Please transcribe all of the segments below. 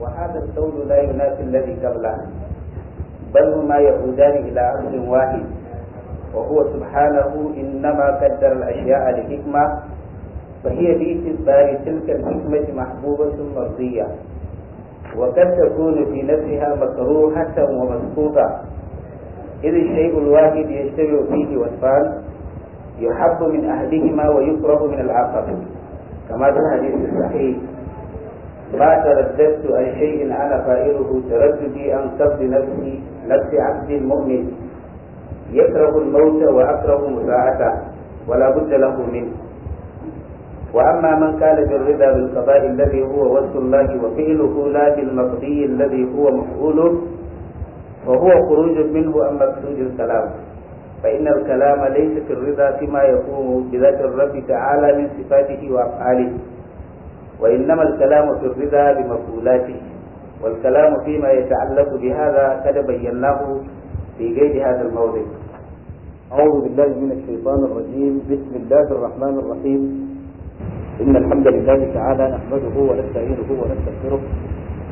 وهذا القول لا ينافي الذي قبله بل هما يعودان إلى عقل واحد وهو سبحانه إنما قدر الأشياء لحكمة فهي باعتبار تلك الحكمة محبوبة مرضية وقد تكون في نفسها مكروهة ومسقوطة إذ الشيء الواحد يجتمع فيه وصفان يحب من أحدهما ويكره من الآخر كما في الحديث الصحيح ما ترددت عن شيء انا فائره ترددي عن قبض نفسي نفس عبد مؤمن يكره الموت واكره مساعته ولا بد له منه واما من قال بالرضا بالقضاء الذي هو وصف الله وفعله لا بالمقضي الذي هو مفعول فهو خروج منه عن مقصود الكلام فإن الكلام ليس في الرضا فيما يقوم بذات الرب تعالى من صفاته وأفعاله وإنما الكلام في الرضا بمقولاته والكلام فيما يتعلق بهذا قد بيناه في غير هذا الموضع أعوذ بالله من الشيطان الرجيم بسم الله الرحمن الرحيم إن الحمد لله تعالى نحمده ونستعينه ونستغفره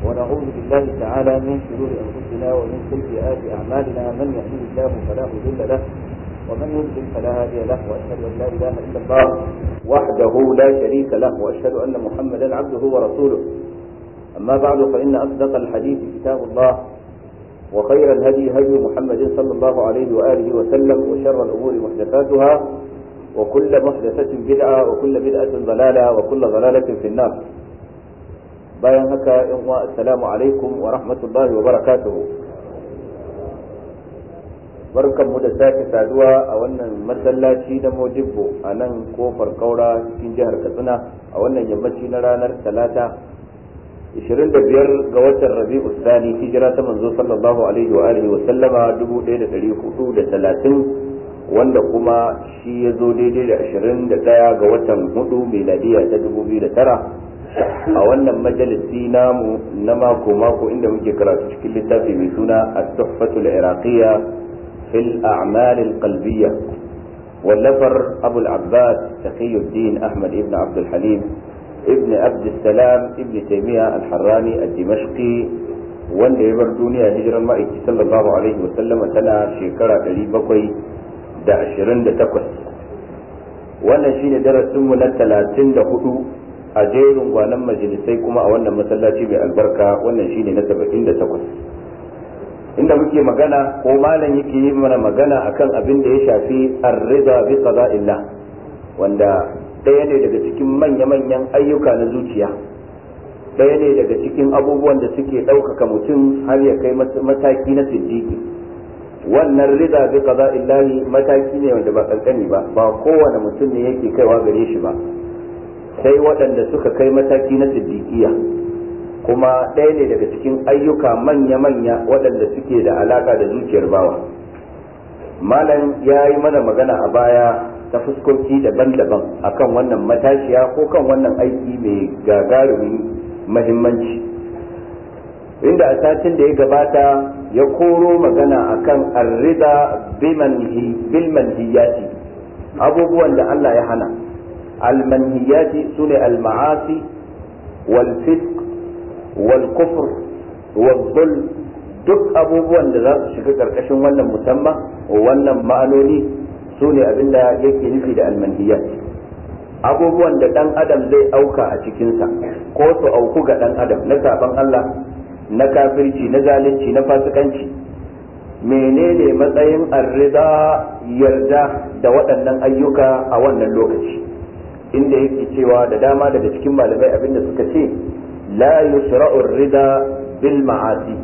ونعوذ بالله تعالى من شرور أنفسنا ومن سيئات أعمالنا من يهده الله فلا مضل له ومن يضلل فلا هادي له واشهد ان لا اله الا الله وحده لا شريك له واشهد ان محمدا عبده ورسوله اما بعد فان اصدق الحديث كتاب الله وخير الهدي هدي محمد صلى الله عليه واله وسلم وشر الامور محدثاتها وكل محدثة بدعة وكل بدعة ضلالة وكل ضلالة في النار. باين هكا السلام عليكم ورحمة الله وبركاته. barkanmu da sake saduwa a wannan masallaci na mojibbo a nan kofar kaura cikin jihar katsina a wannan yammaci na ranar talata 25 ga watan rabi'u sani hijira ta manzo sallallahu alaihi wa alihi wa sallama 1430 wanda kuma shi ya zo daidai da 21 ga watan hudu miladiya ta 2009 a wannan majalisi namu na mako mako inda muke karatu cikin littafi mai suna at-tuhfatul iraqiyya في الأعمال القلبية واللفر أبو العباس تقي الدين أحمد ابن عبد الحليم ابن عبد السلام ابن تيمية الحراني الدمشقي وان يبر دنيا هجرا ما صلى الله عليه وسلم سنة شكرا قريبا كوي دا عشرين دا تقوس وانا شين درس لنا ثلاثين دا خطو أجير وانما مجلسيكما وانا سلاتي بالبركة وانا شين نتبعين دا تقوس inda muke magana ko malam yake yi mana magana akan abin da ya shafi arrida bi qada'illah wanda ɗaya ne daga cikin manya-manyan ayyuka na zuciya ɗaya ne daga cikin abubuwan da suke ɗaukaka mutum har ya kai mataki na siddiqi wannan rida bi qada'illah mataki ne wanda ba kankani ba ba kowane mutum ne yake kaiwa gare shi ba sai waɗanda suka kai mataki na siddiqiya kuma ɗaya ne daga cikin ayyuka manya-manya waɗanda suke da alaka da zuciyar bawa malam ya yi mana magana a baya ta fuskoki daban-daban akan wannan matashiya ko kan wannan aiki mai gagarumi mahimmanci inda a satin da ya gabata ya koro magana akan arrida bilmanhiyati abubuwan da Allah ya hana almanhiyati su ne alma'asi walfit wal kufr wal duk abubuwan da za su shiga ƙarƙashin wannan musamman wannan ma'anoni su ne abinda yake nufi da almanhiyya abubuwan da ɗan adam zai auka a cikinsa ko su auku ga ɗan adam na saban Allah na kafirci na zalunci na fasikanci menene matsayin arriza yarda da waɗannan ayyuka a wannan lokaci inda yake cewa da dama daga cikin malamai abinda suka ce لا يشرع الرضا بالمعاصي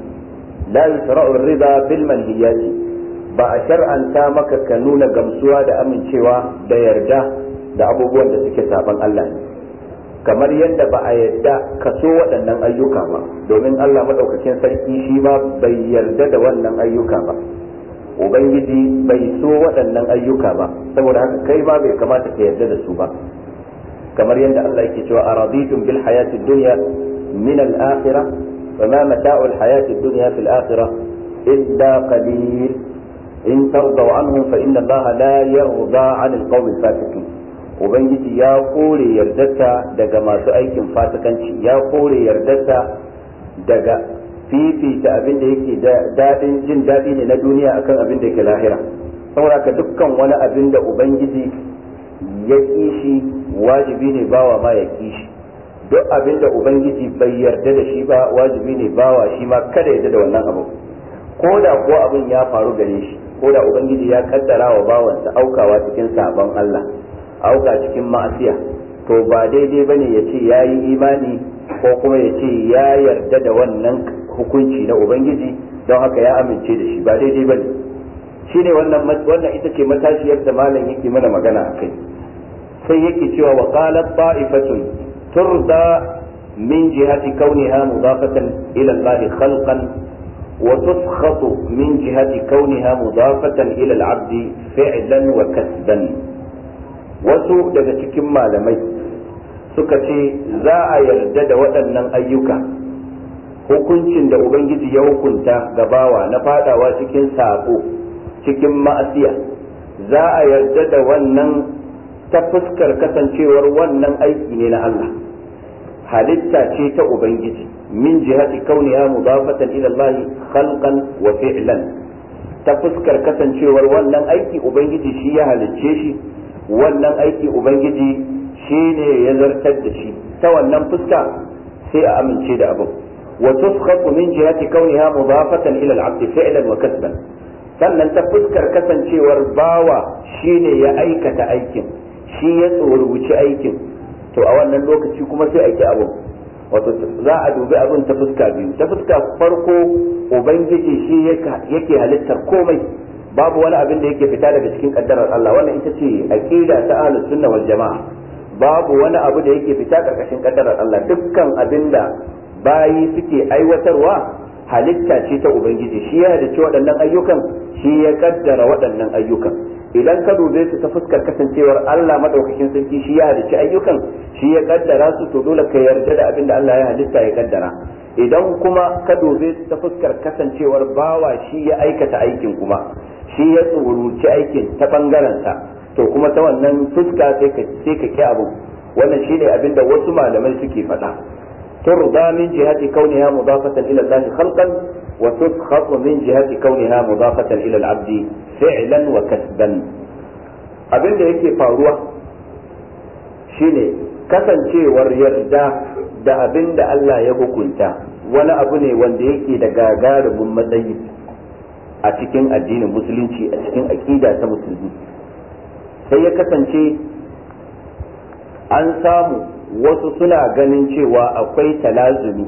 لا يشرع الرضا بالمليات ba a shar'anta maka ka nuna gamsuwa da amincewa da yarda da abubuwan da suke saban Allah ne kamar yadda ba a yarda ka so waɗannan ayyuka ba domin Allah maɗaukakin sarki shi ma bai yarda da wannan ayyuka ba ubangiji bai so waɗannan ayyuka ba saboda haka kai ma bai kamata ka yarda da su ba kamar yadda Allah yake cewa araditum bil hayati dunya من الآخرة فما متاع الحياة الدنيا في الآخرة إلا قليل إن ترضوا عنهم فإن الله لا يرضى عن القوم الفاسقين ubangiji ya kore yardarsa daga masu aikin fasikanci ya kore yardarta daga fifita abin da yake daɗin jin daɗi ne na duniya akan abin da yake lahira saboda ka dukkan wani abin da ubangiji ya kishi wajibi ne bawa ma ya kishi duk abin da ubangiji bai yarda da shi ba wajibi ne bawa shi ma kada yarda da wannan abu ko da ko abin ya faru gare shi ko da ubangiji ya kaddara wa bawansa aukawa cikin sabon Allah auka cikin ma'asiya to ba daidai bane ya ce ya yi imani ko kuma ya ce ya yarda da wannan hukunci na ubangiji don haka ya amince da shi ba daidai bane shine wannan wannan ita ce matashiyar da malam yake mana magana akai sai yake cewa wa qalat ta'ifatun ترضى من جهة كونها مضافة إلى الله خلقا وتسخط من جهة كونها مضافة إلى العبد فعلا وكسبا wasu daga cikin malamai suka ce za a yarda da waɗannan ayyuka hukuncin da ubangiji ya hukunta gabawa na fadawa cikin sako cikin ma'asiya za a yarda da wannan ta fuskar kasancewar wannan aiki ne na Allah halitta ce ta ubangiji min jihati kauniha mudafatan ila Allah khalqan wa fi'lan ta fuskar kasancewar wannan aiki ubangiji shi ya halicce shi wannan aiki ubangiji shi ne ya zartar da shi ta wannan fuska sai a amince da abin wa tuskhaqu min jihati kauniha mudafatan ila al-'abd fi'lan wa kasban sannan ta fuskar kasancewar bawa shine ya aikata aikin shi ya rubuci aikin to a wannan lokaci kuma sai a abin wato za a dubi abin ta fuska biyu ta fuska farko ubangiji shi yake halittar komai babu wani abin da yake fita daga cikin kaddarar Allah wannan ita ce aqida ta ahlus sunna wal jamaa babu wani abu da yake fita karkashin kaddarar Allah dukkan abin da bayi suke aiwatarwa halitta ce ta ubangiji shi ya halicci waɗannan ayyukan shi ya kaddara waɗannan ayyukan idan ka dube su ta fuskar kasancewar Allah madaukakin sarki shi ya halicci ayyukan shi ya kaddara su to dole ka yarda da abin da Allah ya halitta ya kaddara idan kuma ka dube su ta fuskar kasancewar bawa shi ya aikata aikin kuma shi ya tsuruci aikin ta bangaren sa to kuma ta wannan fuska sai ka sai ka ki abu wannan shine abin da wasu malamai suke faɗa turda min jihati kauniha mudafatan ila Allah khalqan وتسخط من جهة كونها مضافة إلى العبد فعلا وكسبا abin da yake faruwa shine kasancewar yarda da abin da Allah ya hukunta wani abu ne wanda yake da gagarumin matsayi a cikin addinin musulunci a cikin aƙida ta musulmi sai ya kasance an samu wasu suna ganin cewa akwai talazumi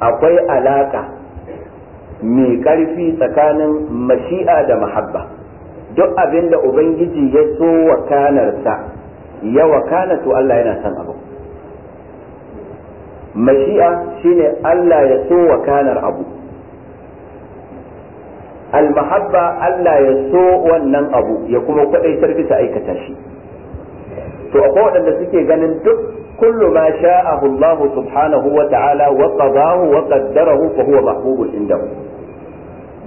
akwai alaƙa. mai karfi tsakanin mashi'a da mahabba duk abin da ubangiji ya so wakanarsa ya wakana to Allah yana son abu mashi'a shine Allah ya so wakanar abu almahabba Allah ya so wannan abu ya kuma kwadaitar ta aikata shi to akwai waɗanda suke ganin duk kullu ma sha'ahu Allah subhanahu wa ta'ala wa qadahu wa qaddarahu fa huwa mahbubun indahu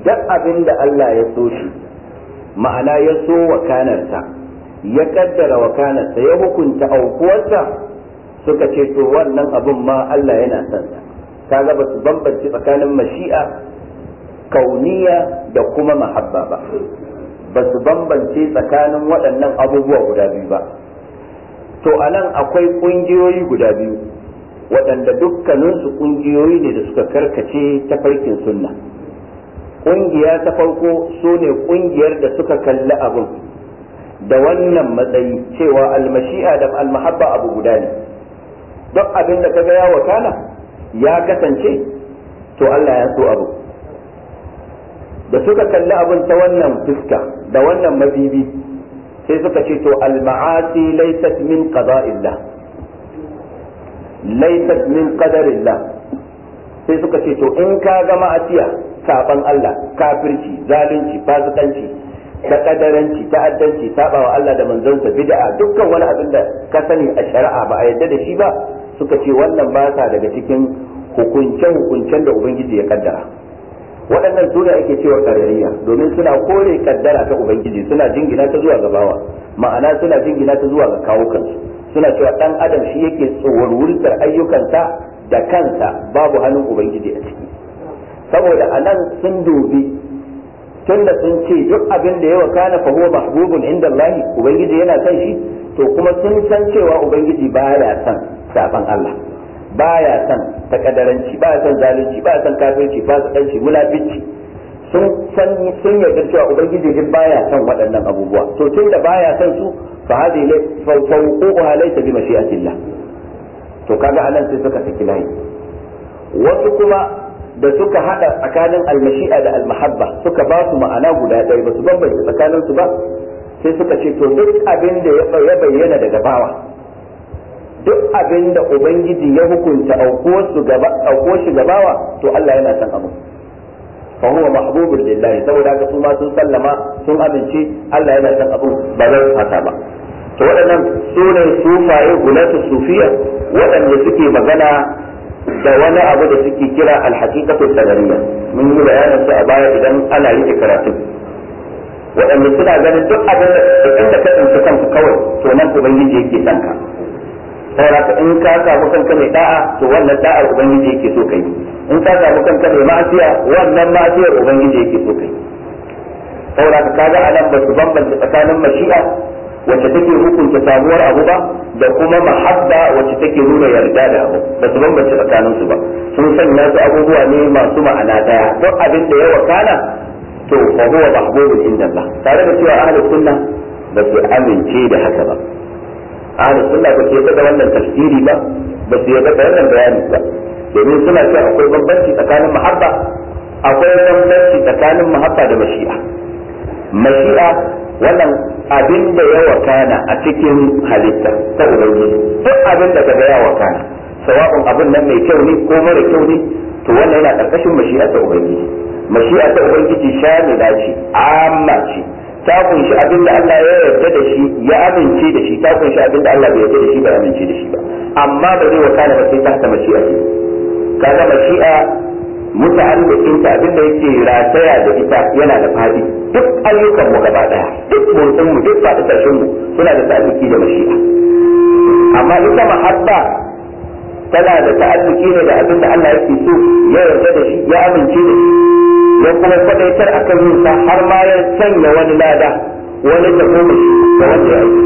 duk abin da Allah ya so shi ma'ana ya so wakanarsa ya kaddara wakanarsa ya hukunta aukuwarsa suka ce to wannan abin ma Allah yana son sa kaga ba su bambance tsakanin mashi'a kauniya da kuma mahabba ba ba su bambance tsakanin waɗannan abubuwa guda biyu ba to a nan akwai ƙungiyoyi guda biyu waɗanda dukkaninsu ƙungiyoyi ne da suka karkace ta farkin sunna ƙungiya ta farko su ne ƙungiyar da suka kalli abin da wannan matsayi cewa almashi'a da almahabba abu guda ne duk abin da ka gaya ya wakana ya kasance to Allah ya so abu da suka kalli abin ta wannan fuska da wannan mabibi sai suka ce to alma'asi laysat min qada'illah laysat min qadarillah sai suka ce to in ka ga ma'asiya saban Allah kafirci zalunci fasikanci ta kadaranci ta'addanci sabawa Allah da manzonsa bid'a dukkan wani abin da ka sani a shari'a ba a yadda da shi ba suka ce wannan ba sa daga cikin hukunce hukuncen da ubangiji ya kaddara waɗannan suna ake cewa karariya domin suna kore kaddara ta ubangiji suna jingina ta zuwa gabawa ma'ana suna jingina ta zuwa ga kawo kansu suna cewa dan adam shi yake tsoron ayyukansa da kansa babu hannun ubangiji a ciki saboda a nan sun dubi tunda sun ce duk abin da ya wakana fa huwa mahbubun inda Allah ubangiji yana son shi to kuma sun san cewa ubangiji baya son safan Allah baya son takadaranci baya son zalunci baya son kafirci ba su danci mulafici sun san sun yarda cewa ubangiji din baya son waɗannan abubuwa to tun da baya son su fa hadi la fa wuquha laysa bi mashi'atillah to kaga anan sai suka saki layi wasu kuma da suka hada tsakanin almashi'a da almahabba suka ba su ma'ana guda ɗaya ba su bambanta tsakanin su ba sai suka ce to duk abin da ya bayyana daga bawa duk abin da ubangiji ya hukunta auko shi ga bawa to Allah yana son abu fa huwa mahbubun lillahi saboda haka su sun sallama sun amince Allah yana son abu ba zai fata ba to waɗannan sunan sufaye gulatu sufiya waɗanda suke magana da wani abu da suke kira alhaqiqatu sadariyya mun yi bayanin su a baya idan ana yin karatu waɗanda suna ganin duk abin da ka tsinci kanka kawai to nan ubangiji yake san ka saboda in ka samu kanka mai da'a to wannan da'ar ubangiji yake so kai in ka samu kanka mai ma'asiya wannan ma'asiya ubangiji yake so kai saboda ka ga anan ba su bambanta tsakanin mashi'a wacce take hukunta samuwar abu ba da kuma mahabba wacce take nuna yarda da abu ba su bambance tsakanin su ba sun sanya su abubuwa ne masu ma'ana daya don abin da ya wakana to fa huwa mahbubun inda Allah tare da cewa ahlus sunna ba su amince da haka ba ahlus sunna ba su yarda da wannan tafsiri ba ba su yarda wannan bayani ba domin suna cewa akwai bambanci tsakanin mahabba akwai bambanci tsakanin mahabba da mashi'a mashi'a wannan abin da ya wakana a cikin halitta ta ubangiji duk abin da kaga ya wakana sawa'un abin nan mai kyau ne ko mara kyau ne to wannan yana karkashin mashi'a ta ubangiji mashi'a ta ubangiji da ce amma ce ta kunshi abin da Allah ya yarda da shi ya amince da shi ta kunshi abin da Allah bai yarda da shi bai amince da shi ba amma ba zai wakana ba sai ta mashi'a ce kaga mashi'a muta'alliqin ta abin da yake rataya da ita yana da fadi duk ayyukan mu gaba daya duk motsin mu duk fadi tashin mu suna da ta'alluki da mashi'a amma ita mahabba tana da ta'alluki ne da abin da Allah yake so ya yarda da shi ya amince da shi ya kuma fadaitar akan yin sa har ma ya sanya wani lada wani tagomashi ga wanda ya aiki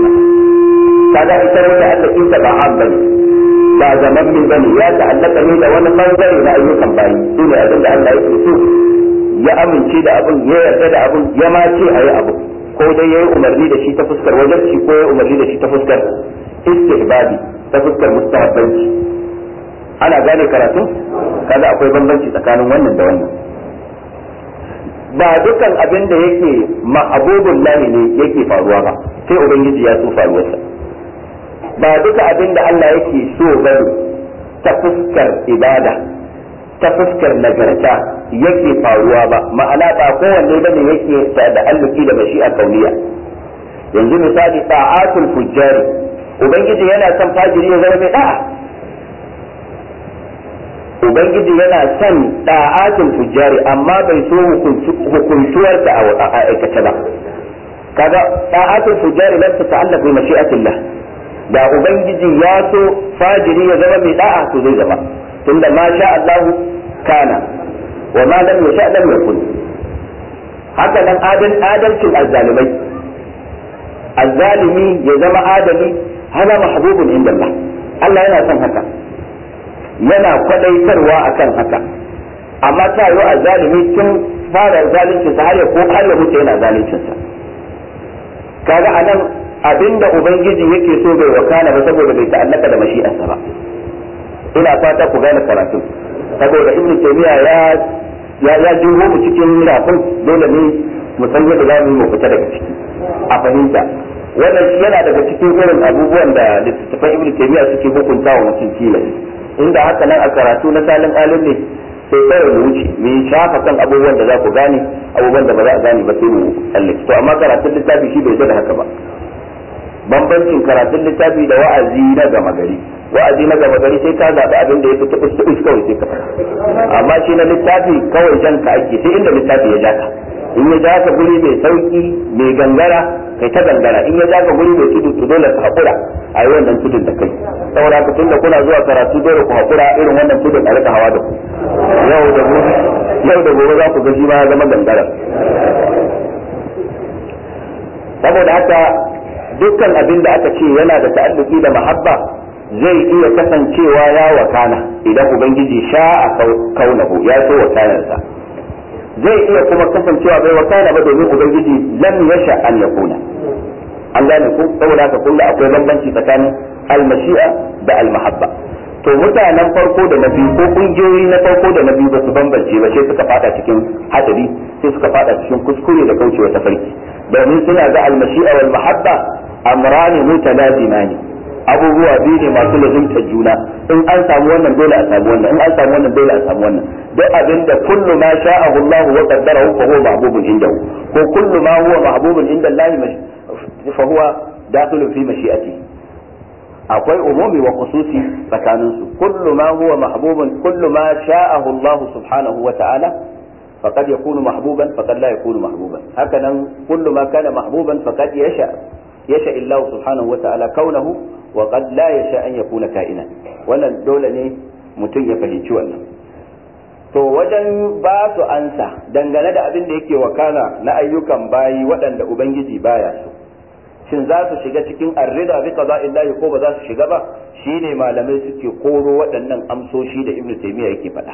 kaga ita wata allakin ta ba ham bane ba zaman min bane ya ta'allaka ne da wani bangare na ayyukan bayi shi ne abin da Allah yake so ya amince da abin ya yarda da abin ya ma ce yi abu ko dai yayi umarni da shi ta fuskar wajibci ko yayi umarni da shi ta fuskar istihbabi ta fuskar mustahabbanci ana gane karatu kaga akwai bambanci tsakanin wannan da wannan ba dukkan abin da yake ma'abubun lahi ne yake faruwa ba sai ubangiji ya so faruwarsa ba duka abin da Allah yake so bane ta fuskar ibada ta fuskar nagarta yake faruwa ba ma'ana ba kowanne bane yake ta'alluki da mashi'a kauniya yanzu misali ta'atul fujjari ubangiji yana son fajiri ya zama mai da'a ubangiji yana son ta'atul fujjari amma bai so hukuntuwar ta a aikata ba kaga ta'atul fujjari lan tata'allaqu bi mashi'atillah da ubangiji ya so fajiri ya zama mai da'a to zai zama tunda ma sha Allahu kana wa ma lam yasha lam yakun haka nan adal adalcin azzalimai azzalimi ya zama adali hana mahbubun inda Allah Allah yana son haka yana kwadaitarwa akan haka amma ta yi wa zalimi tun fara zalunci sa har ya ko har ya mutu yana zalincin ka kaga anan abinda ubangiji yake so bai wakana ba saboda bai ta'allaka da mashi'arsa ba ina fata ku gane karatu saboda ibn taymiya ya ya ya jiwo mu cikin rafin dole ne mu san yadda za mu yi fita daga ciki a fahimta wannan yana daga cikin irin abubuwan da littattafan ibn taymiya suke hukunta wa mutum kila inda haka nan a karatu na salin alim ne sai kawai mu wuce mu shafa kan abubuwan da za ku gane abubuwan da ba za a gane ba sai mu tsallake to amma karatun littafi shi bai da haka ba bambancin karatun littafi da wa'azi na gama gari wa'azi na gama gari sai ka zaɓi abin da ya fi tubus tubus kawai sai ka fara amma shi na littafi kawai jan ka ake sai inda littafi ya jaka in ya jaka guri mai sauki mai gangara kai ta gangara in ya jaka guri mai tudu to dole ka haƙura a yi wannan tudun da kai saboda ka tunda kuna zuwa karatu dole ku haƙura irin wannan tudun a rika hawa da ku yau da gobe yau da gobe za ku ga shi ma ya zama gangara saboda haka dukkan abin da aka ce yana da ta'alluki da mahabba zai iya kasancewa ya wakana idan ubangiji a kaunahu ya so wakanarsa zai iya kuma kasancewa bai wakana ba domin ubangiji lam yasha an yakuna an gane ku saboda haka kullu akwai bambanci tsakanin almashi'a da almahabba to mutanen farko da na biyu ko kungiyoyi na farko da na biyu ba su bambance ba sai suka fada cikin hadari sai suka fada cikin kuskure da kaucewa tafarki domin suna ga almashi'a wal mahabba amrani mutalazimani abubuwa biyu ne masu lazimta juna in an samu wannan dole a samu wannan in an samu wannan dole a samu wannan duk abinda kullu ma sha'ahu Allah wa qaddarahu fa huwa mahbubun indahu ko kullu ma huwa mahbubun inda Allah fa huwa dakhilun fi mashi'atihi akwai umumi wa khususi tsakanin su kullu ma huwa mahbubun kullu ma sha'ahu Allah subhanahu wa ta'ala faqad yakunu mahbuban faqad la yakunu mahbuban hakanan kullu ma kana mahbuban faqad yasha yasha illahu subhanahu wa ta'ala kaunahu wa qad la yasha an yakuna ka'ina wannan dole ne mutum ya fahimci wannan to wajen ba su ansa dangane da abin da yake wakana na ayyukan bayi waɗanda ubangiji baya so shin za su shiga cikin arrida bi illahi ko ba za su shiga ba shine malamai suke koro waɗannan amsoshi da ibnu taymiya yake faɗa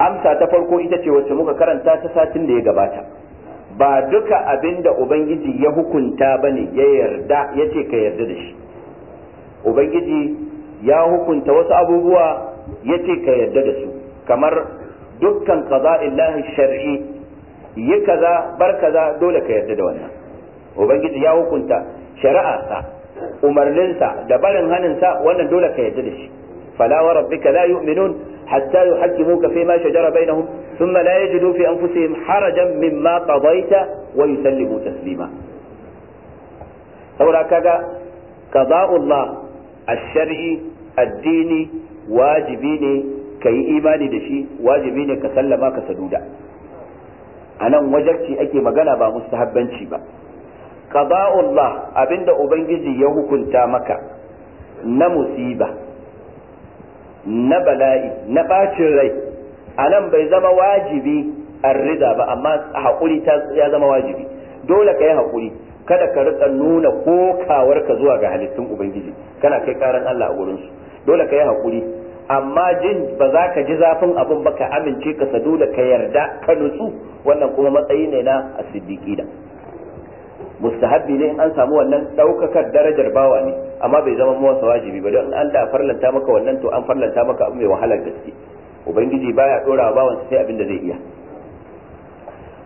amsa ta farko ita ce wacce muka karanta ta satin da ya gabata ba duka abin da ubangiji ya hukunta ba ne ya yarda ya ce ka yarda da shi ubangiji ya hukunta wasu abubuwa ya ce ka yarda da su kamar dukkan kaza illahi shar'i yi kaza bar kaza dole ka yarda da wannan ubangiji ya hukunta shari'arsa umarninsa da barin haninsa wannan dole ka yarda da shi fala wa rabbika la yu'minun hatta yuhaqqimuka fi ma shajara bainahum thumma la yajidu fi anfusihim harajan mimma qadaita wa yusallimu taslima saboda kaga qada'ullah ash-shar'i addini wajibi ne kai imani da shi wajibi ne ka sallama ka saduda wajen ci ake magana ba mustahabbanci ba qada'ullah abinda ubangiji ya hukunta maka na musiba na bala'i na ɓacin rai anan bai zama wajibi arrida ba amma haƙuri ya zama wajibi dole ka yi haƙuri kada ka rika nuna ka zuwa ga halittun ubangiji kana kai karan Allah a gurin su dole ka yi hakuri amma jin ba za ka ji zafin abun ba ka amince ka sadu da ka yarda ka nutsu wannan kuma matsayi ne na asiddiqina mustahabbi ne an samu wannan ɗaukakar darajar bawa ne amma bai zama masa wajibi ba don an da farlanta maka wannan to an farlanta maka abu mai wahalar gaske ubangiji baya dora bawansa sai abin da zai iya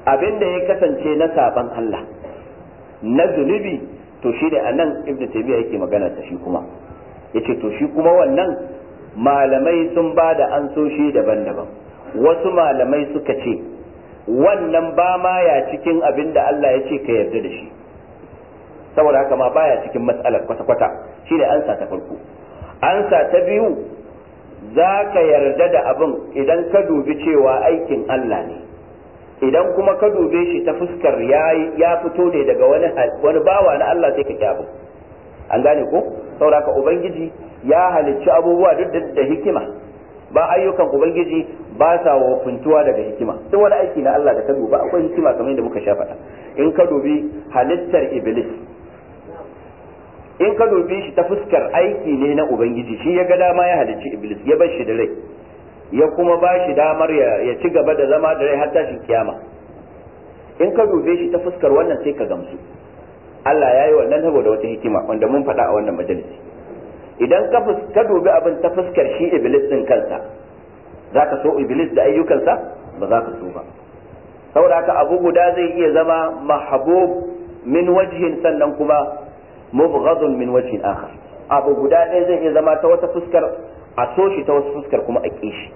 abin da ya kasance na saban Allah na zunubi to shi da anan ibnu taymiya yake magana ta shi kuma yace to shi kuma wannan malamai sun ba da ansoshi daban-daban wasu malamai suka ce wannan ba ma ya cikin abin da Allah ya ce ka yarda da shi saboda haka ma baya cikin matsalar kwata-kwata shi ne ansa ta farko ansa ta biyu za ka yarda da abin idan ka dubi cewa aikin Allah ne idan kuma ka dube shi ta fuskar ya fito ne daga wani wani bawa na Allah sai ka kyabu an gane ko sauraka ubangiji ya halicci abubuwa duk da hikima ba ayyukan ubangiji ba sa wafuntuwa daga hikima duk wani aiki na Allah da ka duba akwai hikima kamar yadda muka sha faɗa in ka dubi halittar iblis in ka dubi shi ta fuskar aiki ne na ubangiji shi ya ga dama ya halicci iblis ya bar shi da rai ya kuma ba shi damar ya ci gaba da zama da rai har tashin kiyama in ka dube shi ta fuskar wannan sai ka gamsu Allah ya yi wannan saboda wata hikima wanda mun faɗa a wannan majalisi idan ka dubi abin ta fuskar shi iblis din kansa za ka so iblis da ayyukansa ba za ka so ba saboda ka abu guda zai iya zama mahabub min wajhin sannan kuma mubghadun min wajhin akhar abu guda ɗaya zai iya zama ta wata fuskar a so shi ta wasu fuskar kuma a ƙi shi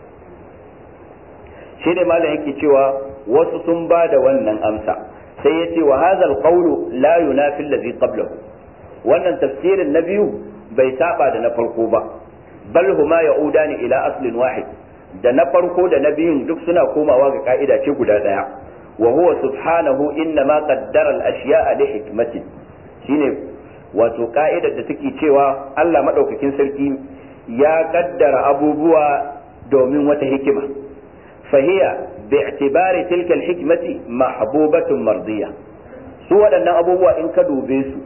shi ne malam yake cewa wasu sun ba da wannan amsa sai ya ce wa hazal qawlu la yunafi allazi wannan tafsirin na biyu bai saɓa da na farko ba bal huma yauda yaudani ila aslin wahid da na farko da na biyun duk suna komawa ga ka'ida ce guda ɗaya wa huwa subhanahu inna ma qaddara al-ashya'a li shine wato ka'idar da take cewa Allah maɗaukakin sarki ya kaddara abubuwa domin wata hikima fahiya bi'tibari tilka alhikmati mahbubatun mardiya su waɗannan abubuwa in ka dube su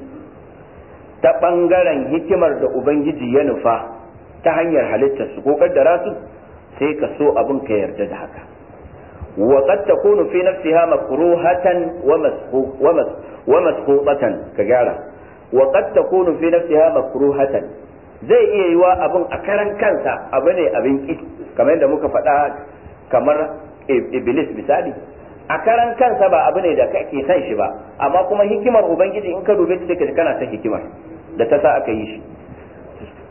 ta ɓangaren hikimar da ubangiji ya nufa ta hanyar halittar su ko kaddara su sai ka so abin ka yarda da haka wa qad takunu fi nafsiha makruhatan wa masqu wa ka gyara wa qad takunu fi nafsiha makruhatan zai iya yi wa abun a karan kansa abu ne abin ki kamar yadda muka faɗa kamar iblis misali a karan kansa ba abu ne da kake san shi ba amma kuma hikimar ubangiji in ka dube ta sai kana ta hikimar da ta sa aka yi shi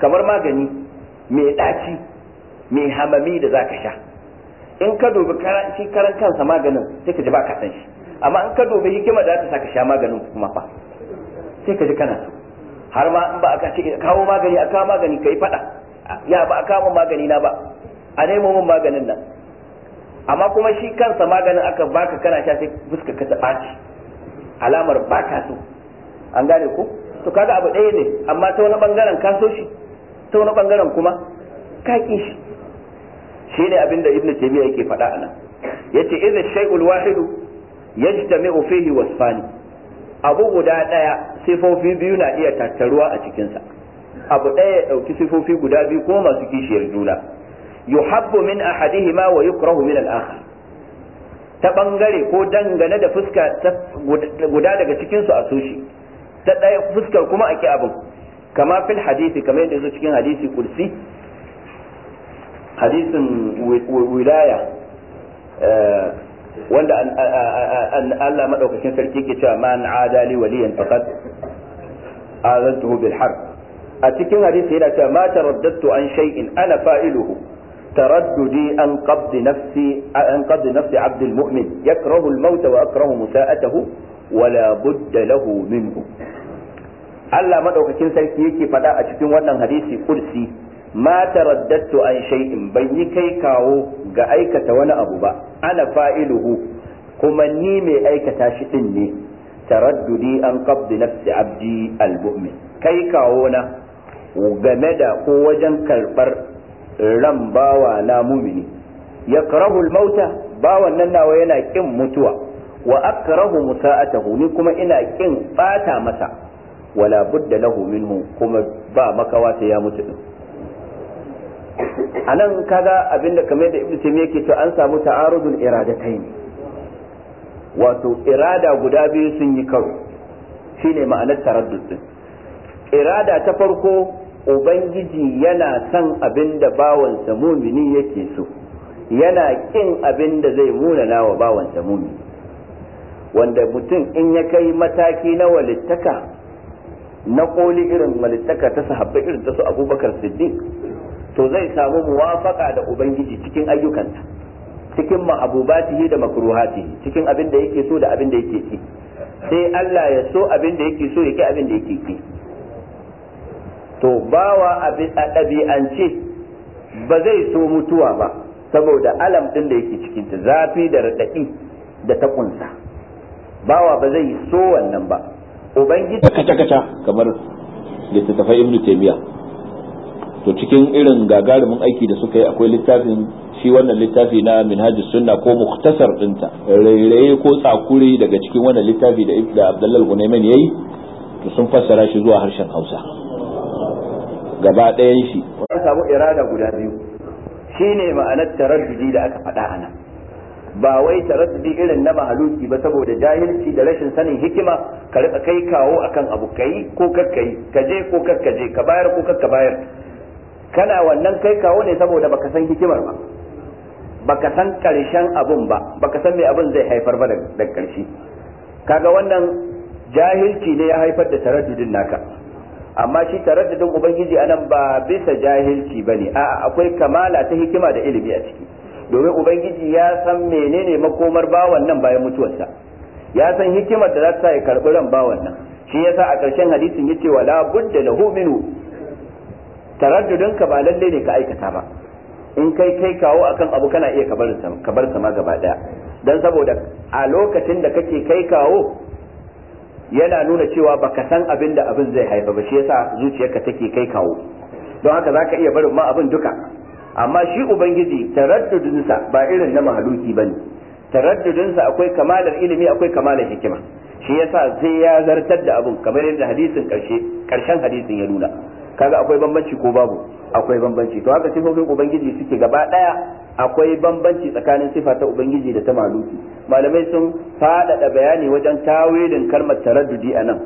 kamar magani me daci me hamami da zaka sha in ka dubi shi karan kansa maganin sai ka ji ba ka san shi amma in ka dubi hikimar da ta sa ka sha maganin kuma fa sai ka ji kana so har ma in ba a ce kawo magani a kawo magani kai fada ya ba a kawo magani na ba a nemo min maganin nan amma kuma shi kansa maganin aka baka kana sha sai fuska ka ta ɓaci alamar baka so an gane ko to kaga abu ɗaya ne amma ta wani bangaren ka so shi ta wani bangaren kuma ka ki shi shi ne abin da ibnu taymiya yake faɗa anan yace idza shay'ul wahidu yajtami'u fihi wasfani abu guda ɗaya sifofi biyu na iya tattaruwa a cikinsa abu ɗaya ya ɗauki sifofi guda biyu ko masu kishiyar juna yuhabbu min ahadihima wa yukrahu min al-akhar ta bangare ko dangane da fuska guda daga cikin su a soshi ta ɗaya fuskar kuma a abin kama fil hadisi kamar yadda yazo cikin hadisi kursi hadisin wilaya eh, wanda Allah madaukakin sarki ke cewa man adali waliyan faqad azantuhu bil harb a cikin hadisi yana cewa ma taraddadtu an shay'in ana fa'iluhu taraddudi an qabd nafsi an qabd nafsi abd al mu'min yakrahu al maut wa akrahu musa'atahu wala budda lahu minhu Allah madaukakin sarki yake faɗa a cikin wannan hadisi kursi ma taraddadtu an shay'in ban yi kai kawo ga aikata wani abu ba ana fa'iluhu kuma ni mai aikata shi din ne taraddudi an qabdi nafsi abdi almu'min kai kawo na game da ko wajen karbar ran bawa na mumini yakrahu almauta bawan nan nawa yana kin mutuwa wa akrahu musa'atahu ni kuma ina kin bata masa wala budda lahu minhu kuma ba makawa sai ya mutu din a nan kaga abinda kamar da ibnu taymiya yake to an samu ta'arudul iradatayn wato irada guda biyu sun yi karo shine ma'anar taraddud din irada ta farko ubangiji yana son abinda da bawansa mumini yake so yana kin abinda da zai munana wa bawansa mumini wanda mutum in ya kai mataki na walittaka na koli irin walittaka ta sahabbai irin ta su abubakar siddiq to zai samu muwafaka da ubangiji cikin ayyukansa cikin mahabubatihi da makruhati cikin abin da yake so da abin da yake ki sai Allah ya so abin da yake so ya ki abin da yake ki to bawa abin a ɗabi'ance ba zai so mutuwa ba saboda alam din da yake cikin ta zafi da raɗaɗi da ta bawa ba zai so wannan ba ubangiji kaca kaca kamar littattafai ibnu taymiya to cikin irin gagarumin aiki da suka yi akwai littafin shi wannan littafi na Minhaj sunna ko muktasar dinta rairaye ko tsakuri daga cikin wannan littafi da ibda Abdullal gunaiman yayi to sun fassara shi zuwa harshen Hausa gaba ɗayan shi an samu irada guda biyu shine ma'anar taraddudi da aka faɗa ana ba wai taraddudi irin na mahaluki ba saboda jahilci da rashin sanin hikima ka rika kai kawo akan abu kai ko kakkai ka je ko kakkaje ka bayar ko kakka bayar kana wannan kai kawo ne saboda baka san hikimar ba baka san karshen abun ba baka san me abun zai haifar ba da karshe kaga wannan jahilci ne ya haifar da taraddudin naka amma shi taraddudin ubangiji anan ba bisa jahilci bane a'a akwai kamala ta hikima da ilimi a ciki domin ubangiji ya san menene makomar bawan nan bayan mutuwarsa ya san hikimar da za ta ya karbi ran bawan nan shi yasa a ƙarshen hadisin yace wala budda lahu minhu taraddudin ka ba lalle ne ka aikata ba in kai kai kawo akan abu kana iya ka bar sa ma gaba daya dan saboda a lokacin da kake kai kawo yana nuna cewa baka san abin da abin zai haifa ba shi yasa zuciyarka take kai kawo don haka zaka iya barin ma abin duka amma shi ubangiji sa ba irin na mahaluki bane sa akwai kamalar ilimi akwai kamalar hikima shi yasa sai ya zartar da abin kamar yadda hadisin karshe karshen hadisin ya nuna kaga akwai bambanci ko babu akwai bambanci to haka sifofin ubangiji suke gaba daya akwai bambanci tsakanin sifa ta ubangiji da ta maluki malamai sun faɗaɗa bayani wajen tawilin kalmar taraddudi a nan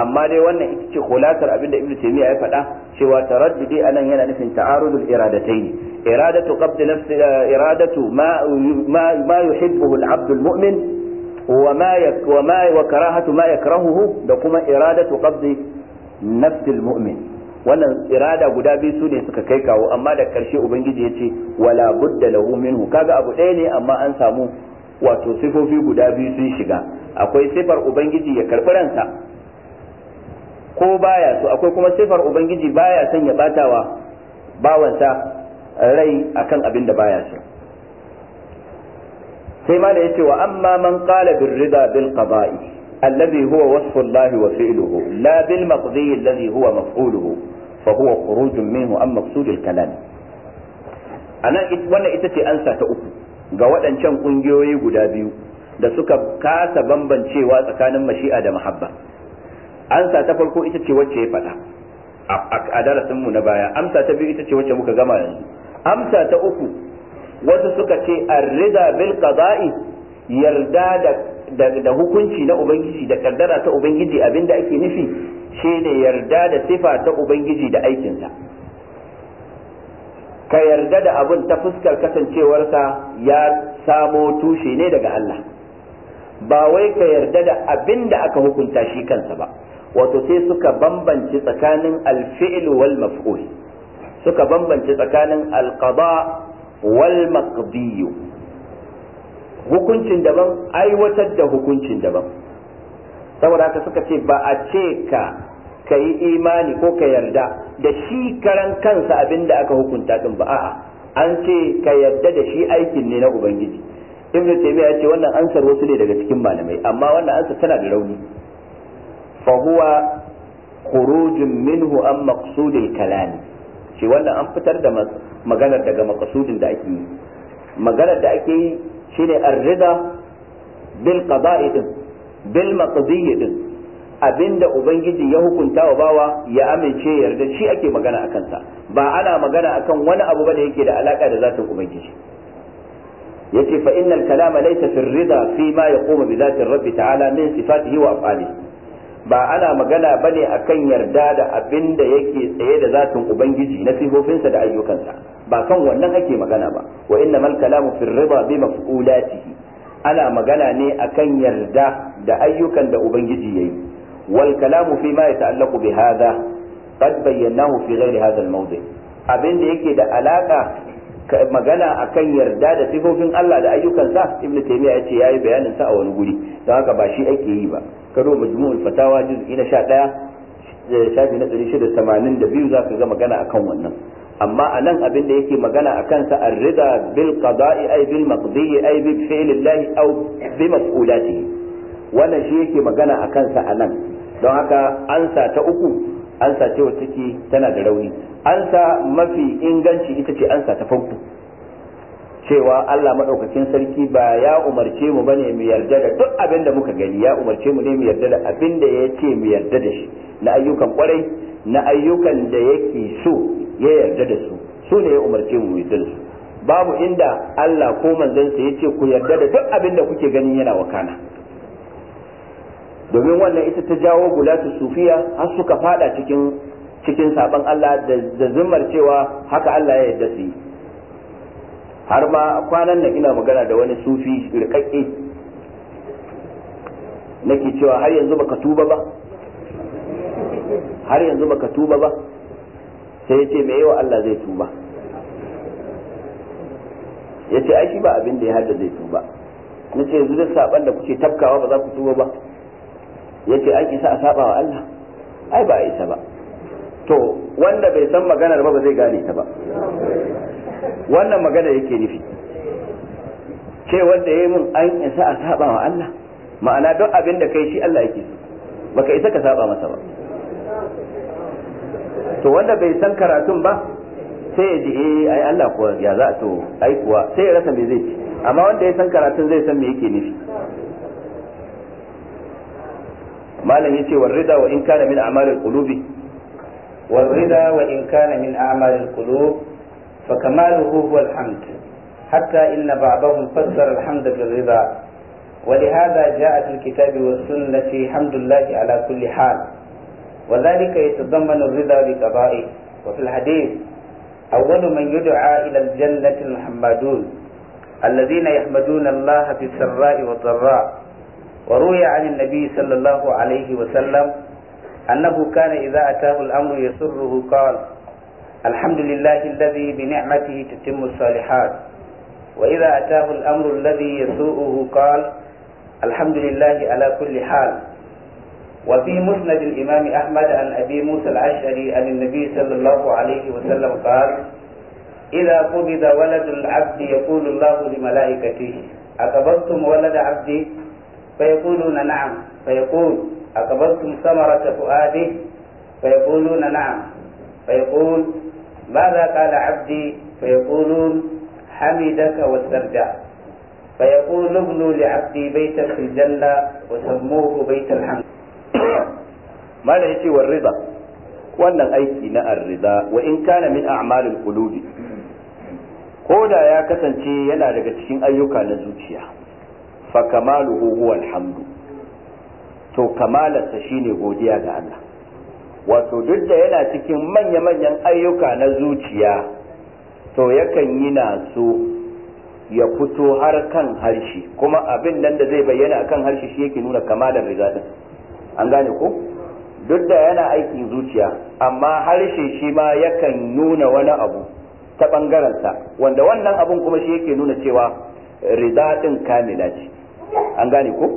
amma dai wannan ita ce khulasar abin da ibnu taymiya ya faɗa cewa taraddudi a nan yana nufin ta'arudul iradatayn iradatu qabd nafsi eh, iradatu ma ma yuhibbuhu al-'abd al-mu'min wa ma wa ma wa karahatu ma yakrahuhu da kuma iradatu qabd nafsi al-mu'min wannan irada guda biyu su ne suka kai kawo amma da karshe ubangiji ya ce wala budda lahu minhu kaga abu ɗaya ne amma an samu wato sifofi guda biyu sun shiga akwai sifar ubangiji ya karɓi ransa ko baya so akwai kuma sifar ubangiji baya son ya batawa bawansa rai akan abin da baya so sai ma da yace wa amma man qala bin rida bil qada'i الذي هو وصف الله وفعله لا بالمقضي الذي هو مفعوله فهو خروج منه عن مقصود الكلام أنا wannan ita ce ansa ta uku ga waɗancan ƙungiyoyi guda biyu da suka kasa bambancewa tsakanin mashi'a da mahabba ansa ta farko ita ce wacce ya faɗa a darasinmu na baya amsa ta biyu ita ce wacce muka gama yanzu amsa ta uku wasu suka ce arrida bil qada'i yarda da hukunci na ubangiji da kaddara ta ubangiji abinda ake nufi shine yarda da sifa ta ubangiji da aikinsa ka yarda da abin ta fuskar kasancewarsa ya samo tushe ne daga Allah ba wai ka yarda da abin da aka hukunta shi kansa ba wato sai suka bambance tsakanin alfi'il wal maf'ul suka bambance tsakanin alqada wal maqdiyu hukuncin daban aiwatar da hukuncin daban saboda haka suka ce ba a ce ka ka yi imani ko ka yarda da shi karan kansa abin da aka hukunta din ba a'a an ce ka yarda da shi aikin ne na ubangiji ibn taymiya ya ce wannan ansar wasu ne daga cikin malamai amma wannan ansar tana da rauni fa huwa khurujun minhu an maqsudil kalam shi wannan an fitar da maganar daga maqsudin da ake yi maganar da ake yi shine ar-rida bil qada'i din bil maqdi din abinda ubangiji ya hukunta wa bawa ya amince yarda shi ake magana a kansa ba ana magana akan wani abu bane yake da alaka da zatin ubangiji yace fa innal kalama laysa fi rida fi ma yaqumu bi zati rabbi ta'ala min sifatihi wa af'ali ba ana magana bane akan yarda da abinda yake tsaye da zatin ubangiji na sifofinsa da ayyukansa ba kan wannan ake magana ba wa malkala kalamu fil rida bi maf'ulatihi ana magana ne akan yarda da ayyukan da ubangiji yayi wal kalamu fi ma yata'allaqu bi hadha qad bayyanahu fi ghairi hadha al mawdi abin da yake da alaka magana akan yarda da sifofin Allah da ayyukansa ibnu taymiya yace yayi bayanin sa a wani guri don haka ba shi ake yi ba karo majmu'ul fatawa juz'i na 11 shafi na 682 zaka ga magana akan wannan amma a nan abin da yake magana a kansa arrida bil qada'i ay bil maqdi ay bi fi'lillahi aw bi mas'ulati wannan shi yake magana a kansa a nan don haka ansa ta uku ansa ce wacce take tana da rauni ansa mafi inganci ita ce ansa ta farko cewa Allah madaukakin sarki ba ya umarce mu bane mu yarda da duk abin da muka gani ya umarce mu ne mu yarda da abin da ya ce mu yarda da shi na ayyukan kwarai na ayyukan da yake so ya yarda da su su ne ya umarce mu yarda da su babu inda Allah ko manzansa ya ce ku yarda da duk abin da kuke ganin yana wakana domin wannan ita ta jawo gulatu sufiya har suka fada cikin cikin saban Allah da zimmar cewa haka Allah ya yarda su yi har ma kwanan nan ina magana da wani sufi rikakke nake cewa har yanzu baka tuba ba har yanzu baka tuba ba sai ya ce me yawa Allah zai tuba ya ce ai shi ba abin da ya hada zai tuba na ce yanzu da saban da kuke tabkawa ba za ku tuba ba ya ce an isa a saba wa Allah ai ba a isa ba to wanda bai san maganar ba ba zai gane ta ba wannan magana yake nufi ce wanda ya yi mun an isa a saba wa Allah ma'ana don abin da kai shi Allah yake so baka isa ka saba masa ba to wanda bai san karatun ba sai ya ji eh ai Allah kuwa ya za to ai kuwa sai ya rasa me zai ci amma wanda ya san karatun zai san me yake nufi malam yace war rida wa in kana min al qulubi war rida wa in kana min al qulub fa kamaluhu huwa al-hamd hatta inna ba'dahum fassara al-hamd bil rida ولهذا جاء في الكتاب والسنة حمد الله على كل حال وذلك يتضمن الرضا بقضائه وفي الحديث أول من يدعى إلى الجنة المحمدون الذين يحمدون الله في السراء والضراء وروي عن النبي صلى الله عليه وسلم أنه كان إذا أتاه الأمر يسره قال الحمد لله الذي بنعمته تتم الصالحات وإذا أتاه الأمر الذي يسوءه قال الحمد لله على كل حال وفي مسند الإمام أحمد عن أبي موسى الأشعري عن النبي صلى الله عليه وسلم قال إذا قبض ولد العبد يقول الله لملائكته أقبضتم ولد عبدي فيقولون نعم فيقول أقبضتم ثمرة فؤاده فيقولون نعم فيقول ماذا قال عبدي فيقولون حمدك واسترجع فيقول ابنوا لعبدي بيتا في الجنة وسموه بيت الحمد malam yace war riba wannan aiki na arrida wa in kana min a'malil qulubi ko da ya kasance yana daga cikin ayyuka na zuciya fa kamaluhu huwa alhamdu to kamalarsa shine godiya ga Allah wato duk da yana cikin manya-manyan ayyuka na zuciya to yakan yi na so ya fito har kan harshe kuma abin nan da zai bayyana kan harshe shi yake nuna kamalar riga an gane ko duk da yana aikin zuciya amma harshe shi ma yakan nuna wani abu ta ɓangarensa wanda wannan abun kuma shi yake nuna cewa rida ɗin kamila ce an gane ko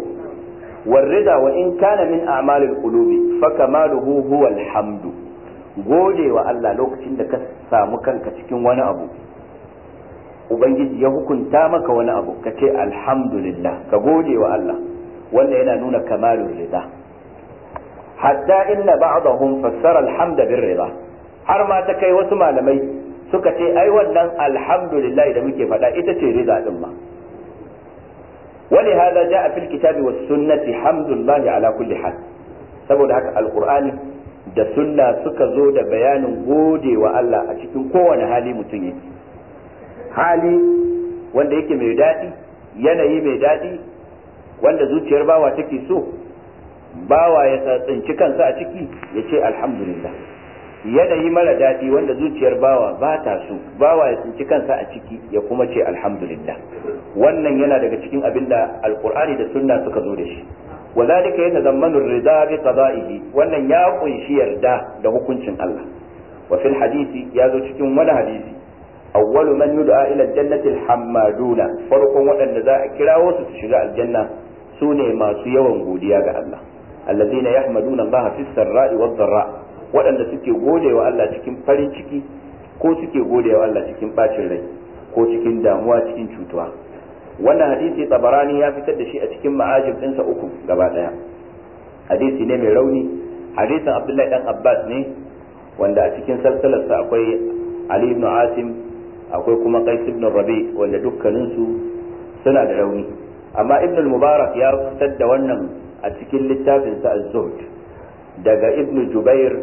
warrida wa in kana min a'malil qulubi fa kamaluhu huwa alhamdu gode wa Allah lokacin da ka samu kanka cikin wani abu ubangiji ya hukunta maka wani abu ka ce alhamdulillah ka gode wa Allah wanda yana nuna kamalul rida hatta inna ba'dahum fassara alhamda birrida har ma ta kai wasu malamai suka ce ai wannan alhamdulillah da muke faɗa ita ce rida din ma hada جاء a الكتاب والسنة sunnati hamdulillah ala kulli hal saboda haka alkur'ani da sunna suka zo da bayanin gode wa Allah a cikin kowane hali mutum yake hali wanda yake mai daɗi yanayi mai daɗi wanda zuciyar bawa take so bawa ya tsinci kansa a ciki ya ce alhamdulillah yanayi mara daɗi wanda zuciyar bawa ba ta so bawa ya tsinci kansa a ciki ya kuma ce alhamdulillah wannan yana daga cikin abin da alkur'ani da sunna suka zo da shi wa zalika yana zammanu rida bi qada'ihi wannan ya kunshi yarda da hukuncin Allah wa fil hadisi ya zo cikin wani hadisi awwalu man yud'a ila jannati alhamaduna farkon wadanda za a kirawo su su shiga aljanna sune masu yawan godiya ga Allah alladhina yahmaduna Allah fi sarra'i wad dharra waɗanda suke godewa Allah cikin farin ciki ko suke godewa Allah cikin bacin rai ko cikin damuwa cikin cutuwa wannan hadisi tsabarani ya fitar da shi a cikin ma'ajib ɗinsa uku gaba ɗaya hadisi ne mai rauni hadisin abdullahi dan abbas ne wanda a cikin salsalarsa akwai ali ibn asim akwai kuma qais ibn rabi wanda dukkaninsu suna da rauni amma ibn mubarak ya fitar da wannan a cikin littafinsa az-zuhd daga ibnu jubair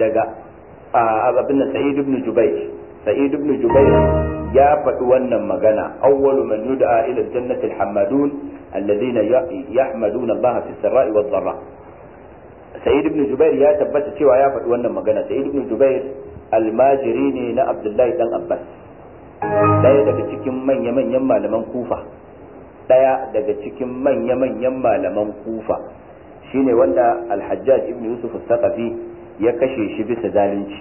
daga abin sa'id ibnu jubair sa'id ibnu jubair ya faɗi wannan magana awwalu man yud'a ila jannati al hamadun alladhina yahmaduna Allah fi sarai wa dharra sa'id ibnu jubair ya tabbata cewa ya faɗi wannan magana sa'id ibnu jubair almajiri ne na abdullahi dan abbas daya daga cikin manya-manyan malaman kufa ɗaya daga cikin manya-manyan malaman kufa shine wanda alhajjaj ibn yusuf sakafi ya kashe shi bisa zalunci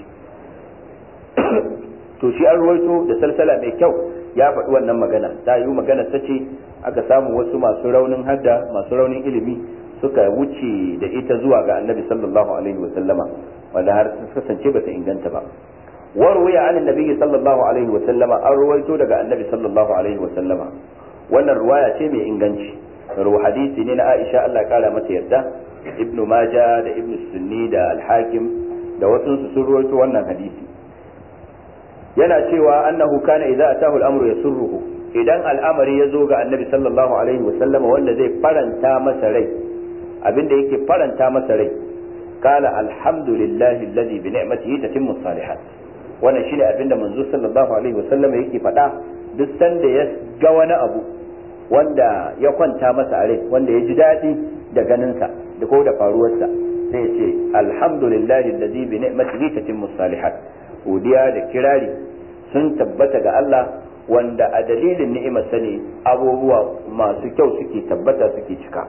to shi an ruwaito da salsala mai kyau ya faɗi wannan magana ta yi magana ta ce aka samu wasu masu raunin hadda masu raunin ilimi suka wuce da ita zuwa ga annabi sallallahu alaihi wa sallama wanda har kasance ba ta inganta ba warwaya an annabi sallallahu alaihi wa sallama an ruwaito daga annabi sallallahu alaihi wa sallama wannan ruwaya ce mai inganci ruwa hadisi ne na Aisha Allah kara mata yarda ibnu maja da ibnu sunni da alhakim hakim da wasu sun ruwaito wannan hadisi yana cewa annahu kana idza atahu al-amru yasurruhu idan al'amari ya zo ga annabi sallallahu alaihi wa sallama wanda zai faranta masa rai abinda yake faranta masa rai kala alhamdulillahi alladhi bi ni'matihi tatimmu salihat wannan shine abinda manzo sallallahu alaihi wa yake faɗa duk sanda ya ga wani abu wanda ya kwanta masa rai wanda ya ji daɗi da ganinsa da ko da faruwarsa sai ya ce alhamdulillahi allazi bi ni'matihi tatimmu salihat godiya da kirari sun tabbata ga Allah wanda a dalilin ni'imar sani abubuwa masu kyau suke tabbata suke cika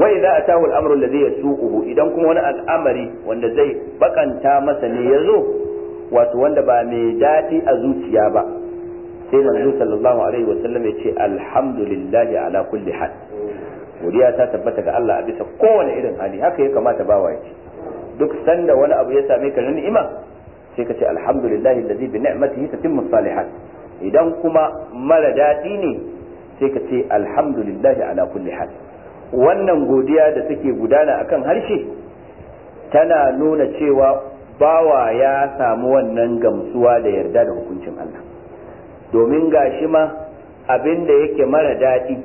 wa idza atahu al-amru alladhi yasuquhu idan kuma wani al'amari wanda zai bakanta masa ne yazo wato wanda ba mai daɗi a zuciya ba sai manzo sallallahu alaihi wa sallam ya ce alhamdulillahi ala kulli hal godiya ta tabbata ga Allah a bisa kowane irin hali haka ya kamata bawa waye duk sanda wani abu ya same ka na ni'ima sai ka ce alhamdulillahi allazi bi ni'matihi tatimmu salihat idan kuma mara dadi ne sai ka ce alhamdulillahi ala kulli hal wannan godiya da take gudana akan harshe tana nuna cewa bawa ya samu wannan gamsuwa da yarda da hukuncin Allah domin gashi ma abin da yake mara daɗi